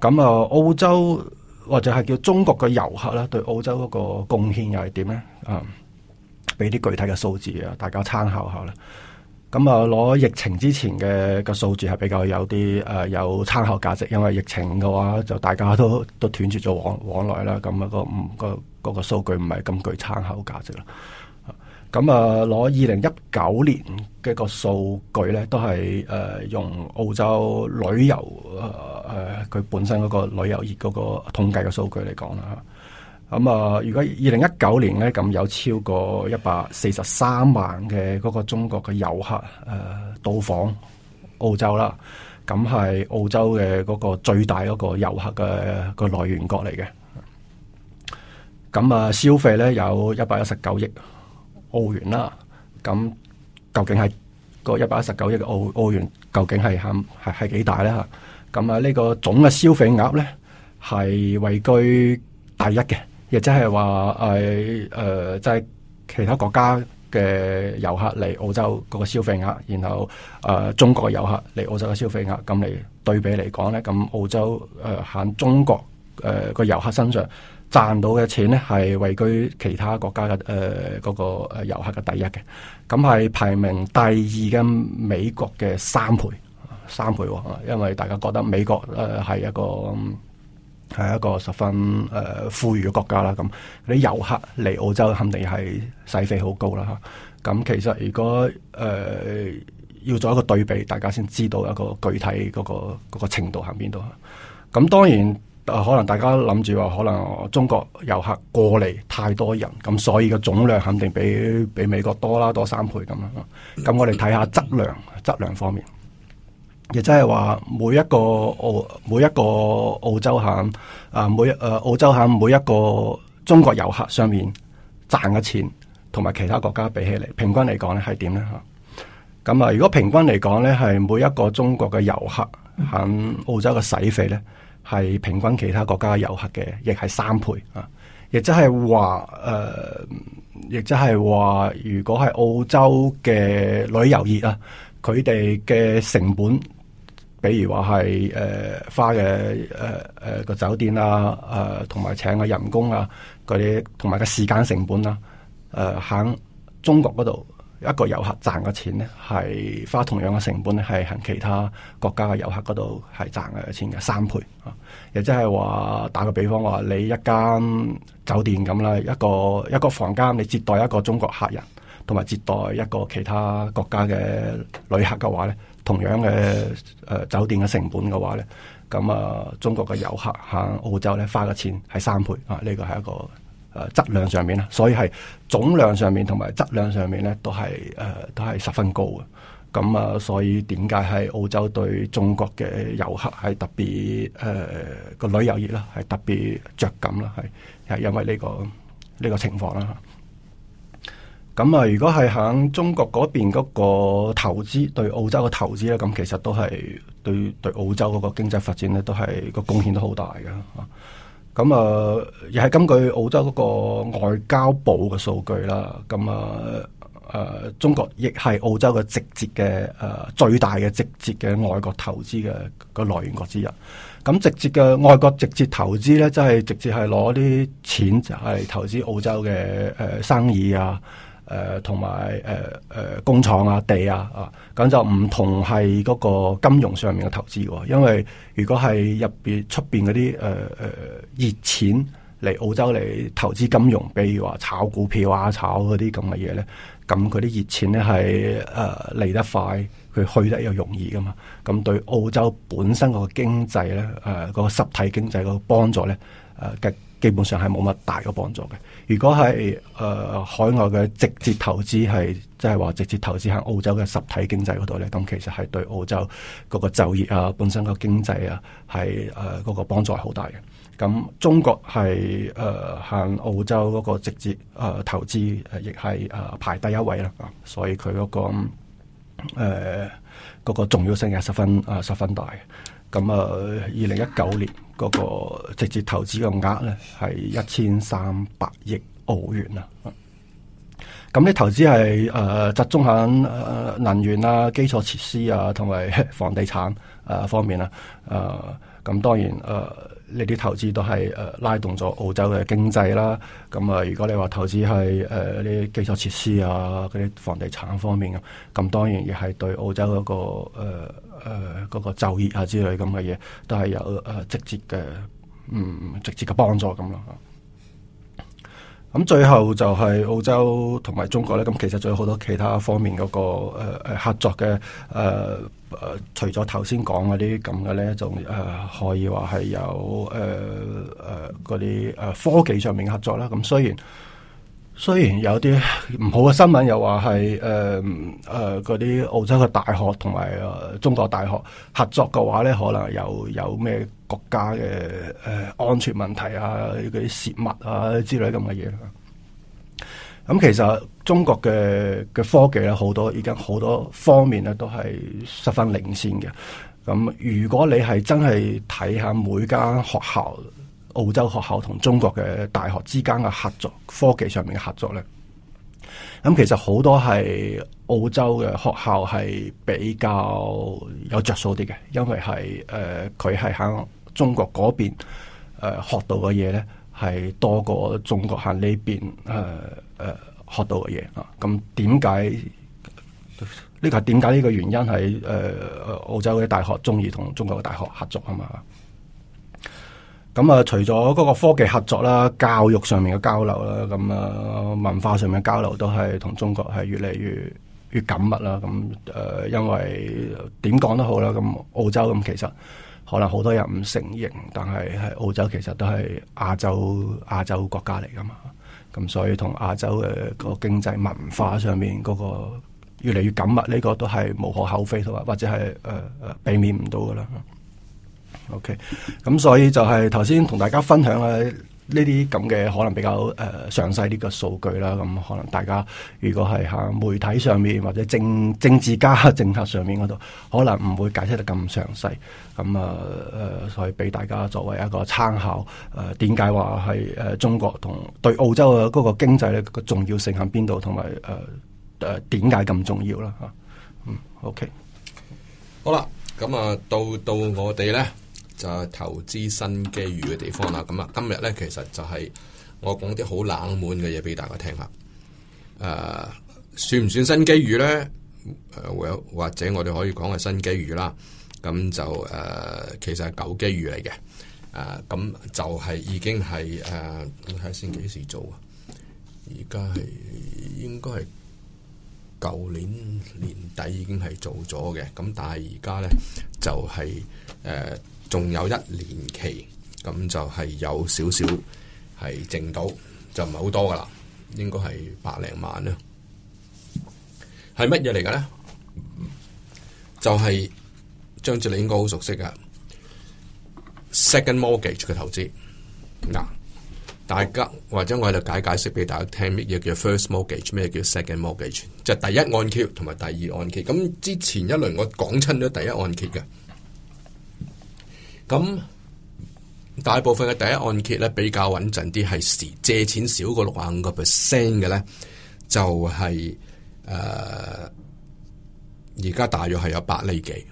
咁、呃、啊澳洲或者係叫中國嘅遊客咧，對澳洲嗰個貢獻又係點呢？啊、呃，俾啲具體嘅數字啊，大家參考下啦。咁啊，攞、嗯、疫情之前嘅個數字係比較有啲誒、呃、有參考價值，因為疫情嘅話就大家都都斷絕咗往往來啦，咁啊、嗰個唔、嗰個嗰、嗰個數據唔係咁具參考價值啦。咁、嗯、啊，攞二零一九年嘅個數據咧，都係誒、呃、用澳洲旅遊誒佢、呃、本身嗰個旅遊業嗰個統計嘅數據嚟講啦。咁啊、嗯，如果二零一九年咧，咁有超過一百四十三萬嘅嗰個中國嘅遊客誒、呃、到訪澳洲啦，咁係澳洲嘅嗰個最大嗰個遊客嘅、嗰個來源國嚟嘅。咁啊，消費咧有一百一十九億澳元啦。咁究竟係、嗰個一百一十九億澳澳元究竟係肯係係幾大咧吓？咁啊，呢個總嘅消費額咧係位居第一嘅。亦即係話誒誒，即係、呃就是、其他國家嘅遊客嚟澳洲嗰個消費額，然後誒、呃、中國遊客嚟澳洲嘅消費額，咁嚟對比嚟講咧，咁澳洲誒喺、呃、中國誒個遊客身上賺到嘅錢咧，係位居其他國家嘅誒嗰個誒遊客嘅第一嘅，咁係排名第二嘅美國嘅三倍，三倍、哦，因為大家覺得美國誒係、呃、一個。係一個十分誒、呃、富裕嘅國家啦，咁啲遊客嚟澳洲肯定係使費好高啦吓。咁、啊嗯、其實如果誒、呃、要做一個對比，大家先知道一個具體嗰、嗰個、嗰個程度喺邊度。咁、啊嗯、當然、啊、可能大家諗住話，可能中國遊客過嚟太多人，咁、嗯、所以個總量肯定比比美國多啦，多三倍咁啦。咁、嗯嗯嗯、我哋睇下質量質量方面。亦即係話，每一個澳每一個澳洲行啊，每誒、啊、澳洲行每一個中國遊客上面賺嘅錢，同埋其他國家比起嚟，平均嚟講咧係點咧吓？咁啊，如果平均嚟講咧，係每一個中國嘅遊客喺澳洲嘅使費咧，係平均其他國家嘅遊客嘅，亦係三倍啊！亦即係話誒，亦即係話，如果係澳洲嘅旅遊業啊，佢哋嘅成本。比如話係誒花嘅誒誒個酒店啊，誒同埋請嘅人工啊，啲同埋個時間成本啊。誒、呃、喺中國嗰度一個遊客賺嘅錢咧，係花同樣嘅成本咧，係行其他國家嘅遊客嗰度係賺嘅錢嘅三倍，亦即係話打個比方話，你一間酒店咁啦，一個一個房間你接待一個中國客人，同埋接待一個其他國家嘅旅客嘅話咧。同樣嘅誒酒店嘅成本嘅話咧，咁、嗯、啊中國嘅遊客喺、啊、澳洲咧花嘅錢係三倍啊！呢個係一個誒、呃、質量上面啦，所以係總量上面同埋質量上面咧都係誒、呃、都係十分高嘅。咁啊，所以點解係澳洲對中國嘅遊客係特別誒個、呃、旅遊業啦，係特別着緊啦，係係因為呢、呢個呢、呢個情況啦。啊。咁啊、嗯！如果係響中國嗰邊嗰個投資對澳洲嘅投資咧，咁、嗯、其實都係對對澳洲嗰個經濟發展咧，都係、個貢獻都好大嘅。咁、嗯、啊，亦、嗯、係根據澳洲嗰個外交部嘅數據啦。咁、嗯、啊，誒、嗯嗯，中國亦係澳洲嘅直接嘅誒、啊、最大嘅直接嘅外國投資嘅、個來源國之一。咁、嗯、直接嘅外國直接投資咧，即、就、係、是、直接係攞啲錢就係投資澳洲嘅誒、呃、生意啊。誒同埋誒誒工廠啊地啊啊，咁就唔同係嗰個金融上面嘅投資喎、啊。因為如果係入邊出邊嗰啲誒誒熱錢嚟澳洲嚟投資金融，比如話炒股票啊、炒嗰啲咁嘅嘢咧，咁佢啲熱錢咧係誒嚟得快，佢去得又容易噶嘛。咁對澳洲本身個經濟咧誒、呃嗰個實體經濟個幫助咧誒，基、呃、基本上係冇乜大嘅幫助嘅。如果係誒、呃、海外嘅直接投資係即係話直接投資喺澳洲嘅實體經濟嗰度咧，咁其實係對澳洲嗰個就業啊、本身個經濟啊，係誒嗰個幫助係好大嘅。咁中國係誒喺澳洲嗰個直接誒、呃、投資，亦係誒排第一位啦。所以佢嗰、嗰個誒、呃嗰個、重要性係十分誒、呃、十分大嘅。咁啊，二零一九年，嗰個直接投資嘅額咧係一千三百億澳元啦，咁、嗯、啲、嗯嗯嗯、投資係誒集中喺能源基礎設施啊、基礎設施啊同埋房地產誒、呃、方面、啊啊嗯呃呃、啦，誒咁當然誒呢啲投資都係誒拉動咗澳洲嘅經濟啦。咁、嗯、啊、嗯嗯，如果你話投資係誒啲基礎設施啊、嗰啲房地產方面啊，咁、嗯嗯嗯、當然亦係對澳洲嗰個誒。呃誒，嗰、呃那個就業啊之類咁嘅嘢，都係有誒、呃、直接嘅，嗯，直接嘅幫助咁咯。咁、嗯、最後就係澳洲同埋中國咧，咁其實仲有好多其他方面嗰、那個誒誒合作嘅，誒、呃、誒，除咗頭先講嗰啲咁嘅咧，仲誒、呃、可以話係有誒誒嗰啲誒科技上面嘅合作啦。咁、嗯、雖然。雖然有啲唔好嘅新聞，又話係誒誒啲澳洲嘅大學同埋、呃、中國大學合作嘅話咧，可能又有咩國家嘅誒、呃、安全問題啊，啲泄密啊之類咁嘅嘢。咁、嗯、其實中國嘅嘅科技咧，好多而家好多方面咧都係十分領先嘅。咁、嗯、如果你係真係睇下每間學校。澳洲學校同中國嘅大學之間嘅合作，科技上面嘅合作咧，咁其實好多係澳洲嘅學校係比較有着數啲嘅，因為係誒佢係喺中國嗰邊誒學到嘅嘢咧，係多過中國喺呢邊誒誒學到嘅嘢啊。咁點解呢個係點解呢個原因係誒、呃，澳洲嘅大學中意同中國嘅大學合作啊嘛？咁啊、嗯，除咗嗰個科技合作啦、教育上面嘅交流啦，咁、嗯、啊文化上面嘅交流都係同中國係越嚟越越緊密啦。咁、嗯、誒、呃，因為點講都好啦，咁、嗯、澳洲咁其實可能好多人唔承認，但係係澳洲其實都係亞洲亞洲國家嚟噶嘛。咁、嗯、所以同亞洲嘅個經濟文化上面嗰個越嚟越緊密，呢、這個都係無可厚非同埋，或者係誒誒避免唔到噶啦。OK，咁所以就係頭先同大家分享嘅呢啲咁嘅可能比較誒詳細啲嘅數據啦。咁、嗯、可能大家如果係喺、啊、媒體上面或者政政治家政策上面嗰度，可能唔會解釋得咁詳細。咁啊誒，所以俾大家作為一個參考。誒、呃，點解話係誒中國同對澳洲嘅嗰個經濟咧個重要性喺邊度，同埋誒誒點解咁重要啦？吓，嗯，OK，好啦，咁啊到到我哋咧。就係投資新機遇嘅地方啦。咁啊，今日咧其實就係我講啲好冷門嘅嘢俾大家聽下。誒、呃，算唔算新機遇咧？誒、呃，或者我哋可以講係新機遇啦。咁就誒、呃，其實係舊機遇嚟嘅。誒、呃，咁、嗯、就係、是、已經係誒，睇下先幾時做啊？而家係應該係舊年年底已經係做咗嘅。咁但係而家咧就係、是、誒。呃仲有一年期，咁就係有少少係剩到，就唔係好多噶啦，應該係百零萬啦。係乜嘢嚟噶咧？就係、是、張志，你應該好熟悉噶。Second mortgage 嘅投資嗱，大家或者我喺度解解釋俾大家聽，乜嘢叫 first mortgage，咩叫 second mortgage，就係第一按揭同埋第二按揭。咁之前一輪我講親咗第一按揭嘅。咁大部分嘅第一按揭咧比較穩陣啲，係時借錢少過六啊五個 percent 嘅咧，就係誒而家大約係有八厘幾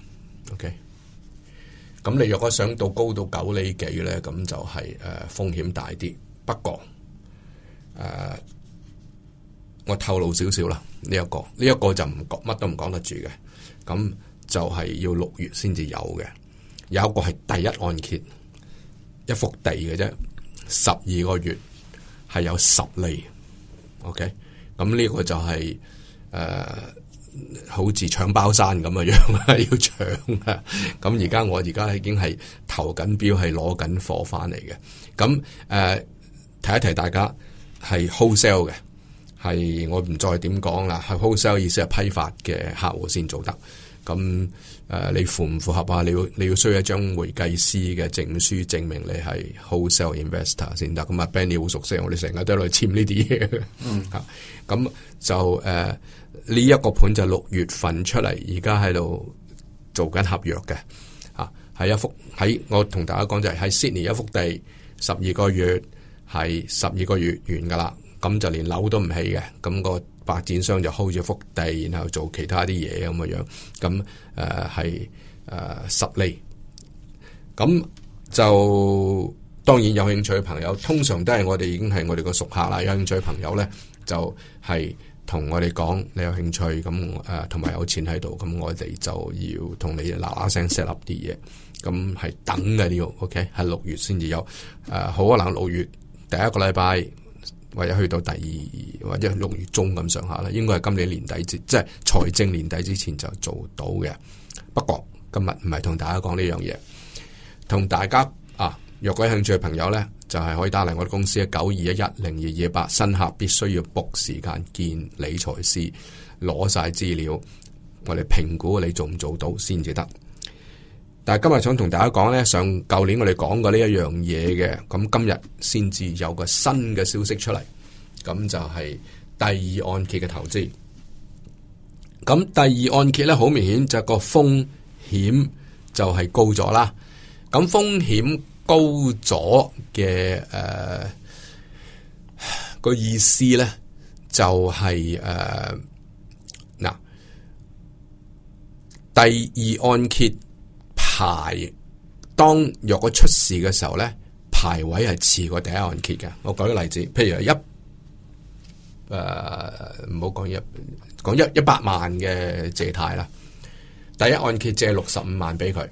，OK。咁你若果想到高到九厘幾咧，咁就係、是、誒、呃、風險大啲。不過誒、呃，我透露少少啦，呢、這、一個呢一、這個就唔講乜都唔講得住嘅，咁就係要六月先至有嘅。有一個係第一按揭，一幅地嘅啫，十二個月係有十厘。OK，咁呢個就係、是、誒、呃，好似搶包山咁嘅樣啊， 要搶搶啊的！咁而家我而家已經係投緊標，係攞緊貨翻嚟嘅。咁誒、呃，提一提大家係 wholesale 嘅，係我唔再點講啦。係 wholesale 意思係批發嘅客戶先做得咁。誒，uh, 你符唔符合啊？你要你要需要一張會計師嘅證書證明你係 Wholesale Investor 先得。咁啊，Benny 好熟悉，我哋成日都喺度簽呢啲嘢。吓 咁、mm. 啊、就誒呢一個盤就六月份出嚟，而家喺度做緊合約嘅。吓、啊、係一幅喺我同大家講就係喺 Sydney 一幅地，十二個月係十二個月完噶啦，咁就連樓都唔起嘅，咁、那個。發展商就 hold 住幅地，然後做其他啲嘢咁嘅樣，咁誒係誒十利，咁、呃呃、就當然有興趣嘅朋友，通常都係我哋已經係我哋個熟客啦。有興趣嘅朋友咧，就係、是、同我哋講你有興趣，咁誒同埋有錢喺度，咁我哋就要同你喇喇聲 set up 啲嘢，咁係等嘅呢個，OK，係六月先至有誒、呃，好可能六月第一個禮拜。或者去到第二或者六月中咁上下啦，應該係今年年底之即係財政年底之前就做到嘅。不過今日唔係同大家講呢樣嘢，同大家啊，若果有興趣嘅朋友咧，就係可以打嚟我哋公司嘅九二一一零二二八，新客必須要 book 時間見理財師，攞晒資料，我哋評估你做唔做到先至得。但係今，今日想同大家講咧，上舊年我哋講過呢一樣嘢嘅，咁今日先至有個新嘅消息出嚟，咁就係第二按揭嘅投資。咁第二按揭咧，好明顯就個風險就係高咗啦。咁風險高咗嘅誒個意思咧，就係誒嗱，第二按揭。排當若果出事嘅時候咧，排位係遲過第一按揭嘅。我舉個例子，譬如一，誒唔好講一，講一一百萬嘅借貸啦，第一按揭借六十五萬俾佢，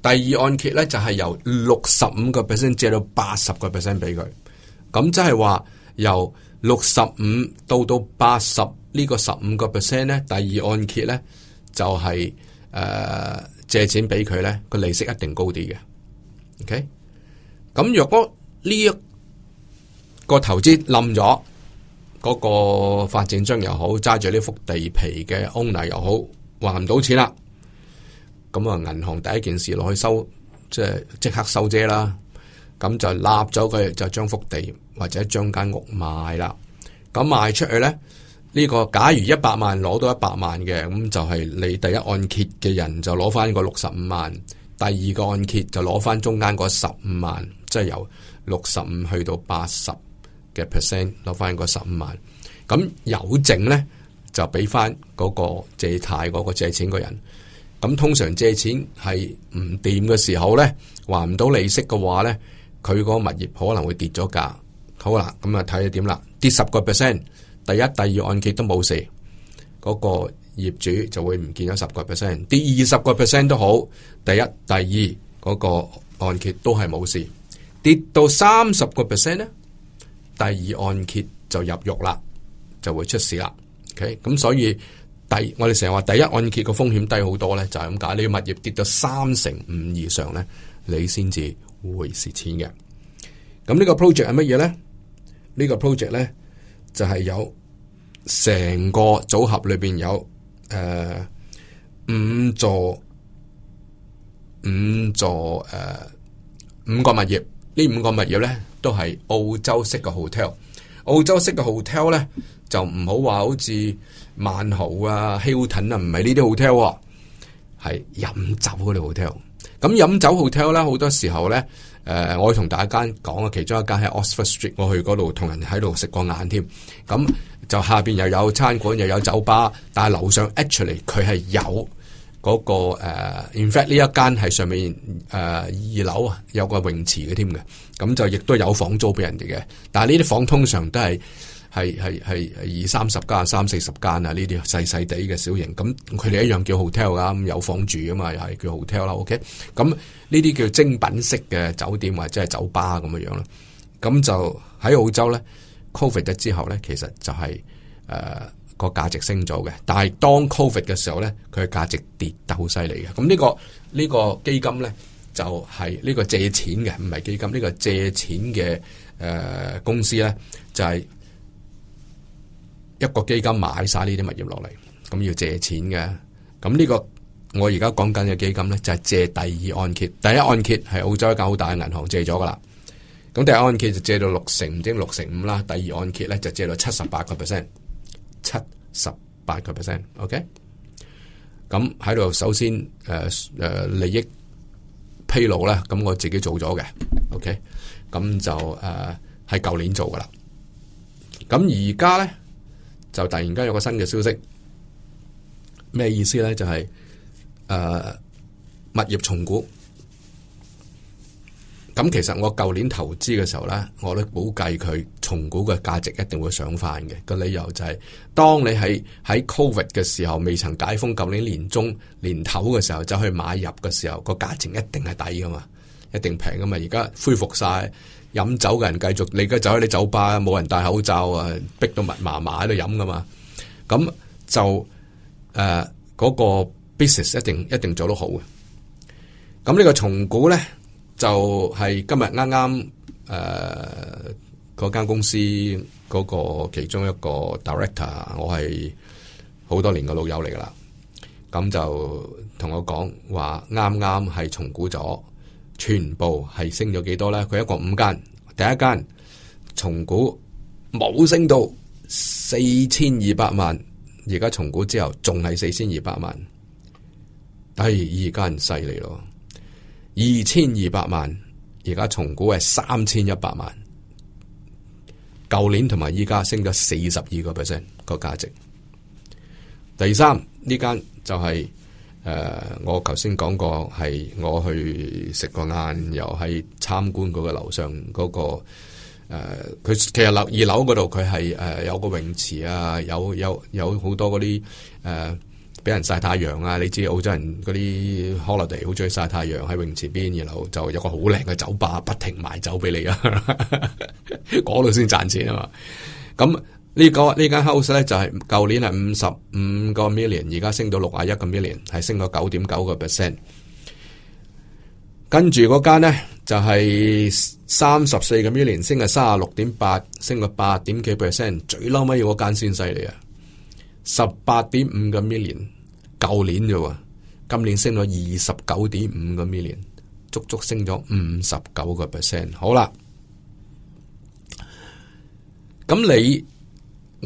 第二按揭咧就係由六十五個 percent 借到八十個 percent 俾佢，咁即係話由六十五到到八十呢個十五個 percent 咧，第二按揭咧就係誒。呃借錢俾佢咧，個利息一定高啲嘅。OK，咁若果呢一個投資冧咗，嗰個發展商又好，揸住呢幅地皮嘅 owner 又好，還唔到錢啦。咁啊，銀行第一件事落去收，即係即刻收遮啦。咁就立咗佢，就將幅地或者將間屋賣啦。咁賣出去咧。呢個假如一百萬攞到一百萬嘅，咁就係你第一按揭嘅人就攞翻個六十五萬，第二個按揭就攞翻中間個十五萬，即係由六十五去到八十嘅 percent 攞翻個十五萬。咁有剩呢，就俾翻嗰個借貸嗰個借錢個人。咁通常借錢係唔掂嘅時候呢，還唔到利息嘅話呢，佢嗰個物業可能會跌咗價。好啦，咁啊睇下點啦，跌十個 percent。第一、第二按揭都冇事，嗰、那個業主就會唔見咗十個 percent，跌二十個 percent 都好。第一、第二嗰、那個按揭都係冇事，跌到三十個 percent 咧，第二按揭就入獄啦，就會出事啦。OK，咁所以第我哋成日話第一按揭個風險低好多咧，就係咁解。呢個物業跌到三成五以上咧，你先至會蝕錢嘅。咁呢、這個 project 係乜嘢咧？呢個 project 咧？就係有成個組合裏邊有誒、呃、五座五座誒、呃、五個物業，呢五個物業呢都係澳洲式嘅 hotel。澳洲式嘅 hotel 呢就唔好話好似萬豪啊、希爾頓啊，唔係、啊、呢啲 hotel，係飲酒嗰啲 hotel。咁飲酒 hotel 咧，好多時候呢。誒，uh, 我會同大家間講啊，其中一間係 Oxford Street，我去嗰度同人喺度食過晏添。咁、嗯、就下邊又有餐館又有酒吧，但係樓上 actually 佢係有嗰、那個、uh, in fact 呢一間係上面誒二、uh, 樓啊，有個泳池嘅添嘅。咁、嗯、就亦都有房租俾人哋嘅，但係呢啲房通常都係。係係係二三十間、三四十間啊！呢啲細細地嘅小型，咁佢哋一樣叫 hotel 噶，咁有房住啊嘛，又係叫 hotel 啦。OK，咁呢啲叫精品式嘅酒店或者係酒吧咁樣樣咯。咁就喺澳洲咧，COVID 咗之後咧，其實就係誒個價值升咗嘅。但係當 COVID 嘅時候咧，佢嘅價值跌得好犀利嘅。咁呢、呢個呢、呢個基金咧，就係、係、呢、呢個借錢嘅，唔係基金。呢、呢個借錢嘅誒、呃、公司咧，就係、係。一個基金買晒呢啲物業落嚟，咁要借錢嘅，咁呢個我而家講緊嘅基金咧就係、是、借第二按揭，第一按揭係澳洲一間好大嘅銀行借咗噶啦，咁第一按揭就借到六成，唔知六成五啦，第二按揭咧就借到七十八個 percent，七十八個 percent，OK，咁喺度首先誒誒、呃呃、利益披露咧，咁我自己做咗嘅，OK，咁就誒喺舊年做噶啦，咁而家咧。就突然間有個新嘅消息，咩意思呢？就係、是、誒、呃、物業重估，咁、嗯、其實我舊年投資嘅時候呢，我都估計佢重估嘅價值一定會上翻嘅。個理由就係、是、當你喺喺 Covid 嘅時候未曾解封，舊年年中年頭嘅時候走去買入嘅時候，個價錢一定係抵噶嘛，一定平噶嘛。而家恢復晒。飲酒嘅人繼續，你而家走喺啲酒吧，冇人戴口罩啊，逼到密麻麻喺度飲噶嘛，咁就誒嗰個 business 一定一定做得好嘅。咁呢個重估咧，就係今日啱啱誒嗰間公司嗰個其中一個 director，我係好多年嘅老友嚟噶啦，咁就同我講話啱啱係重估咗。全部係升咗幾多咧？佢一個五間，第一間重估冇升到四千二百萬，而家重估之後仲係四千二百萬。第二間犀利咯，二千二百萬，而家重估係三千一百萬。舊年同埋依家升咗四十二個 percent 個價值。第三呢間就係、是。誒，uh, 我頭先講過係我去食個晏，又係參觀嗰個樓上嗰、那個佢、uh, 其實樓二樓嗰度佢係誒有個泳池啊，有有有好多嗰啲誒俾人曬太陽啊！你知澳洲人嗰啲 holiday 好中意曬太陽喺泳池邊，然後就有個好靚嘅酒吧，不停賣酒俾你啊！嗰度先賺錢啊嘛，咁。這個、呢個呢間 house 咧，就係、是、舊年係五十五個 million，而家升到六啊一個 million，係升咗九點九個 percent。跟住嗰間咧，就係三十四個 million，升咗三啊六點八，升咗八點幾 percent。最嬲尾嘢嗰間先犀利啊！十八點五個 million，舊年啫，今年升咗二十九點五個 million，足足升咗五十九個 percent。好啦，咁你？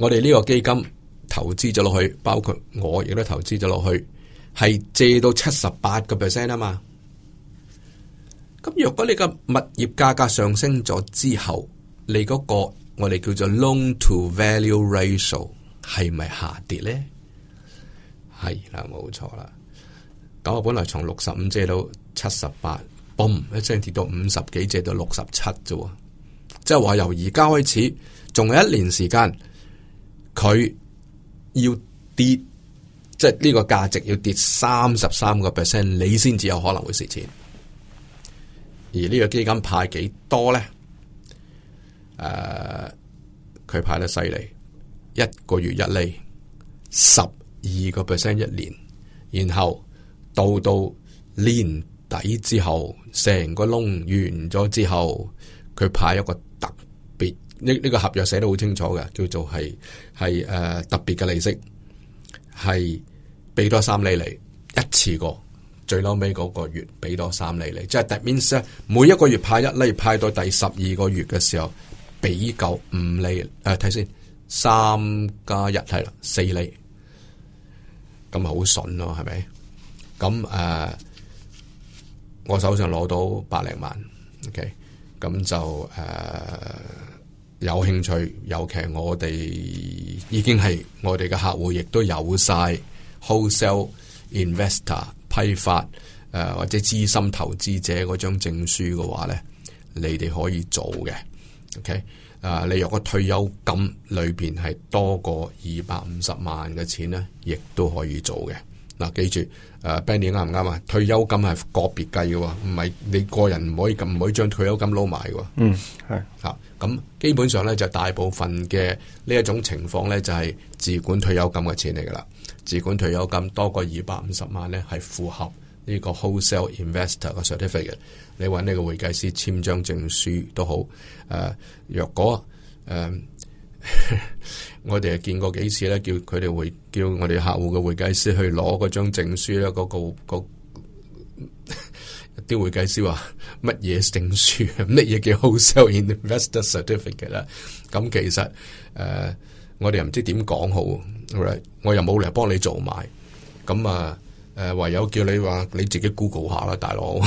我哋呢個基金投資咗落去，包括我亦都投資咗落去，係借到七十八個 percent 啊嘛。咁若果你個物業價格上升咗之後，你嗰個我哋叫做 loan to value ratio 係咪下跌呢？係啦，冇錯啦。咁我本來從六十五借到七十八，嘣一聲跌到五十幾，借到六十七啫。即係話由而家開始，仲有一年時間。佢要跌，即係呢個價值要跌三十三個 percent，你先至有可能會蝕錢。而呢個基金派幾多咧？誒、啊，佢派得犀利，一個月一厘，十二個 percent 一年，然後到到年底之後，成個窿完咗之後，佢派一個特別呢呢，呢個合約寫得好清楚嘅，叫做係。係誒、呃、特別嘅利息，係俾多三厘厘一次過，最嬲尾嗰個月俾多三厘厘，即係 that means，每一個月派一厘，派到第十二個月嘅時候俾夠五厘誒，睇先三加一係啦四厘，咁咪好筍咯，係咪？咁誒、呃，我手上攞到百零萬，OK，咁就誒。呃有興趣，尤其我哋已經係我哋嘅客戶，亦都有晒，wholesale investor 批發，誒、呃、或者資深投資者嗰張證書嘅話咧，你哋可以做嘅，OK？誒、呃，你若果退休金裏邊係多過二百五十萬嘅錢咧，亦都可以做嘅。嗱，記住，誒，Benny 啱唔啱啊？退休金係個別計嘅喎，唔係你個人，唔可以咁，唔可以將退休金撈埋嘅喎。嗯，係。嚇、啊，咁基本上咧就大部分嘅呢一種情況咧就係、是、自管退休金嘅錢嚟㗎啦。自管退休金多過二百五十萬咧，係符合呢個 wholesale investor 嘅 certificate。你揾呢個會計師簽張證書都好。誒、呃，若果誒。呃 我哋係見過幾次咧，叫佢哋會叫我哋客戶嘅會計師去攞嗰張證書咧，嗰、那個、那個啲、那個、 會計師話乜嘢證書，乜 嘢叫 Wholesale Investor Certificate 啦？咁、 嗯、其實誒、呃，我哋又唔知點講好，right, 我又冇嚟幫你做埋，咁啊誒、呃，唯有叫你話你自己 Google 下啦，大佬，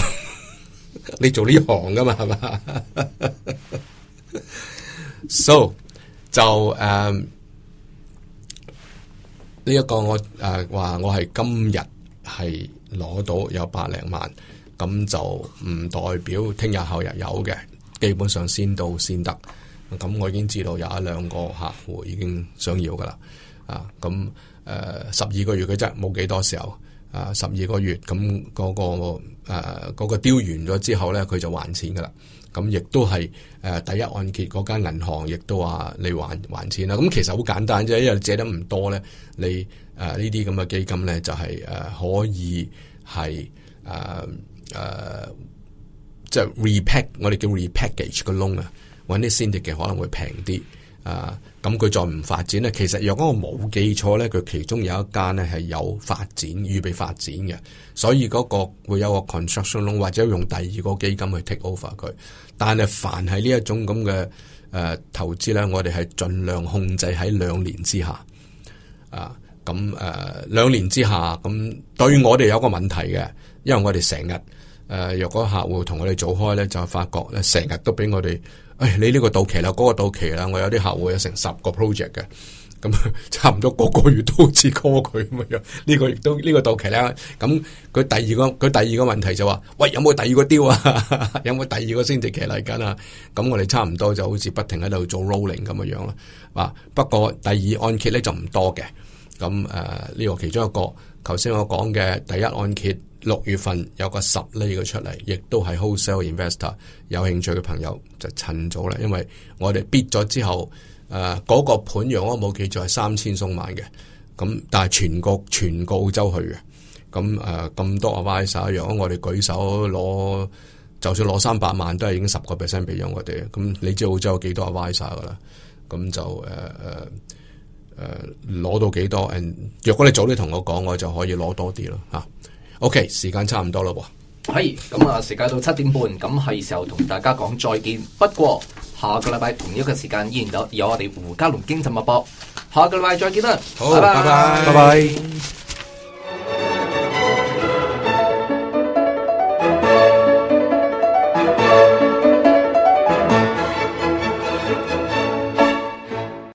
你做呢行噶嘛，係嘛 ？So 就誒呢一個我誒話、uh, 我係今日係攞到有百零萬，咁就唔代表聽日後日有嘅。基本上先到先得，咁我已經知道有一兩個客戶已經想要噶啦。啊，咁誒十二個月嘅啫，冇幾多時候啊，十二個月咁嗰、啊、個誒嗰、嗰個標、啊、完咗之後咧，佢就還錢噶啦。咁、啊、亦都係。誒、呃、第一按揭嗰間銀行亦都話你還還錢啦，咁、嗯、其實好簡單啫，因為借得唔多咧，你誒呢啲咁嘅基金咧就係誒可以係誒誒，即、呃、係、呃就係、repack 我哋叫 repackage 個窿啊，搵啲先值嘅可能會平啲啊。呃咁佢再唔發展咧，其實若果我冇記錯咧，佢其中有一間咧係有發展預備發展嘅，所以嗰個會有個 construction 或者用第二個基金去 take over 佢。但係凡係呢一種咁嘅誒投資咧，我哋係盡量控制喺兩年之下。啊，咁誒、呃、兩年之下，咁對我哋有個問題嘅，因為我哋成日誒若果客戶同我哋組開咧，就發覺咧成日都俾我哋。哎、你呢個到期啦，嗰、那個到期啦，我有啲客戶有成十個 project 嘅，咁差唔多個個月都好似 call 佢咁樣，呢、這個亦都呢、這個到期啦。咁佢第二個佢第二個問題就話、是：喂，有冇第二個雕啊？ 有冇第二個升值期嚟緊啊？咁我哋差唔多就好似不停喺度做 rolling 咁嘅樣啦。啊，不過第二按揭咧就唔多嘅。咁誒，呢、呃這個其中一個，頭先我講嘅第一按揭。六月份有個十厘嘅出嚟，亦都係 wholesale investor 有興趣嘅朋友就趁早啦，因為我哋 bid 咗之後，誒、呃、嗰、那個盤若我冇記住係三千鬆萬嘅，咁、嗯、但係全國全個澳洲去嘅，咁誒咁多個 visa，若我哋舉手攞，就算攞三百萬都係已經十個 percent 俾咗我哋，咁、嗯、你知澳洲有幾多個 visa 㗎啦，咁、嗯、就誒誒誒攞到幾多？誒若果你早啲同我講，我就可以攞多啲咯嚇。啊。OK，時間差唔多啦喎，係咁啊！時間到七點半，咁係時候同大家講再見。不過下個禮拜同一個時間依然有有我哋胡嘉龍經濟脈搏，下個禮拜再見啦！好，拜拜，拜拜。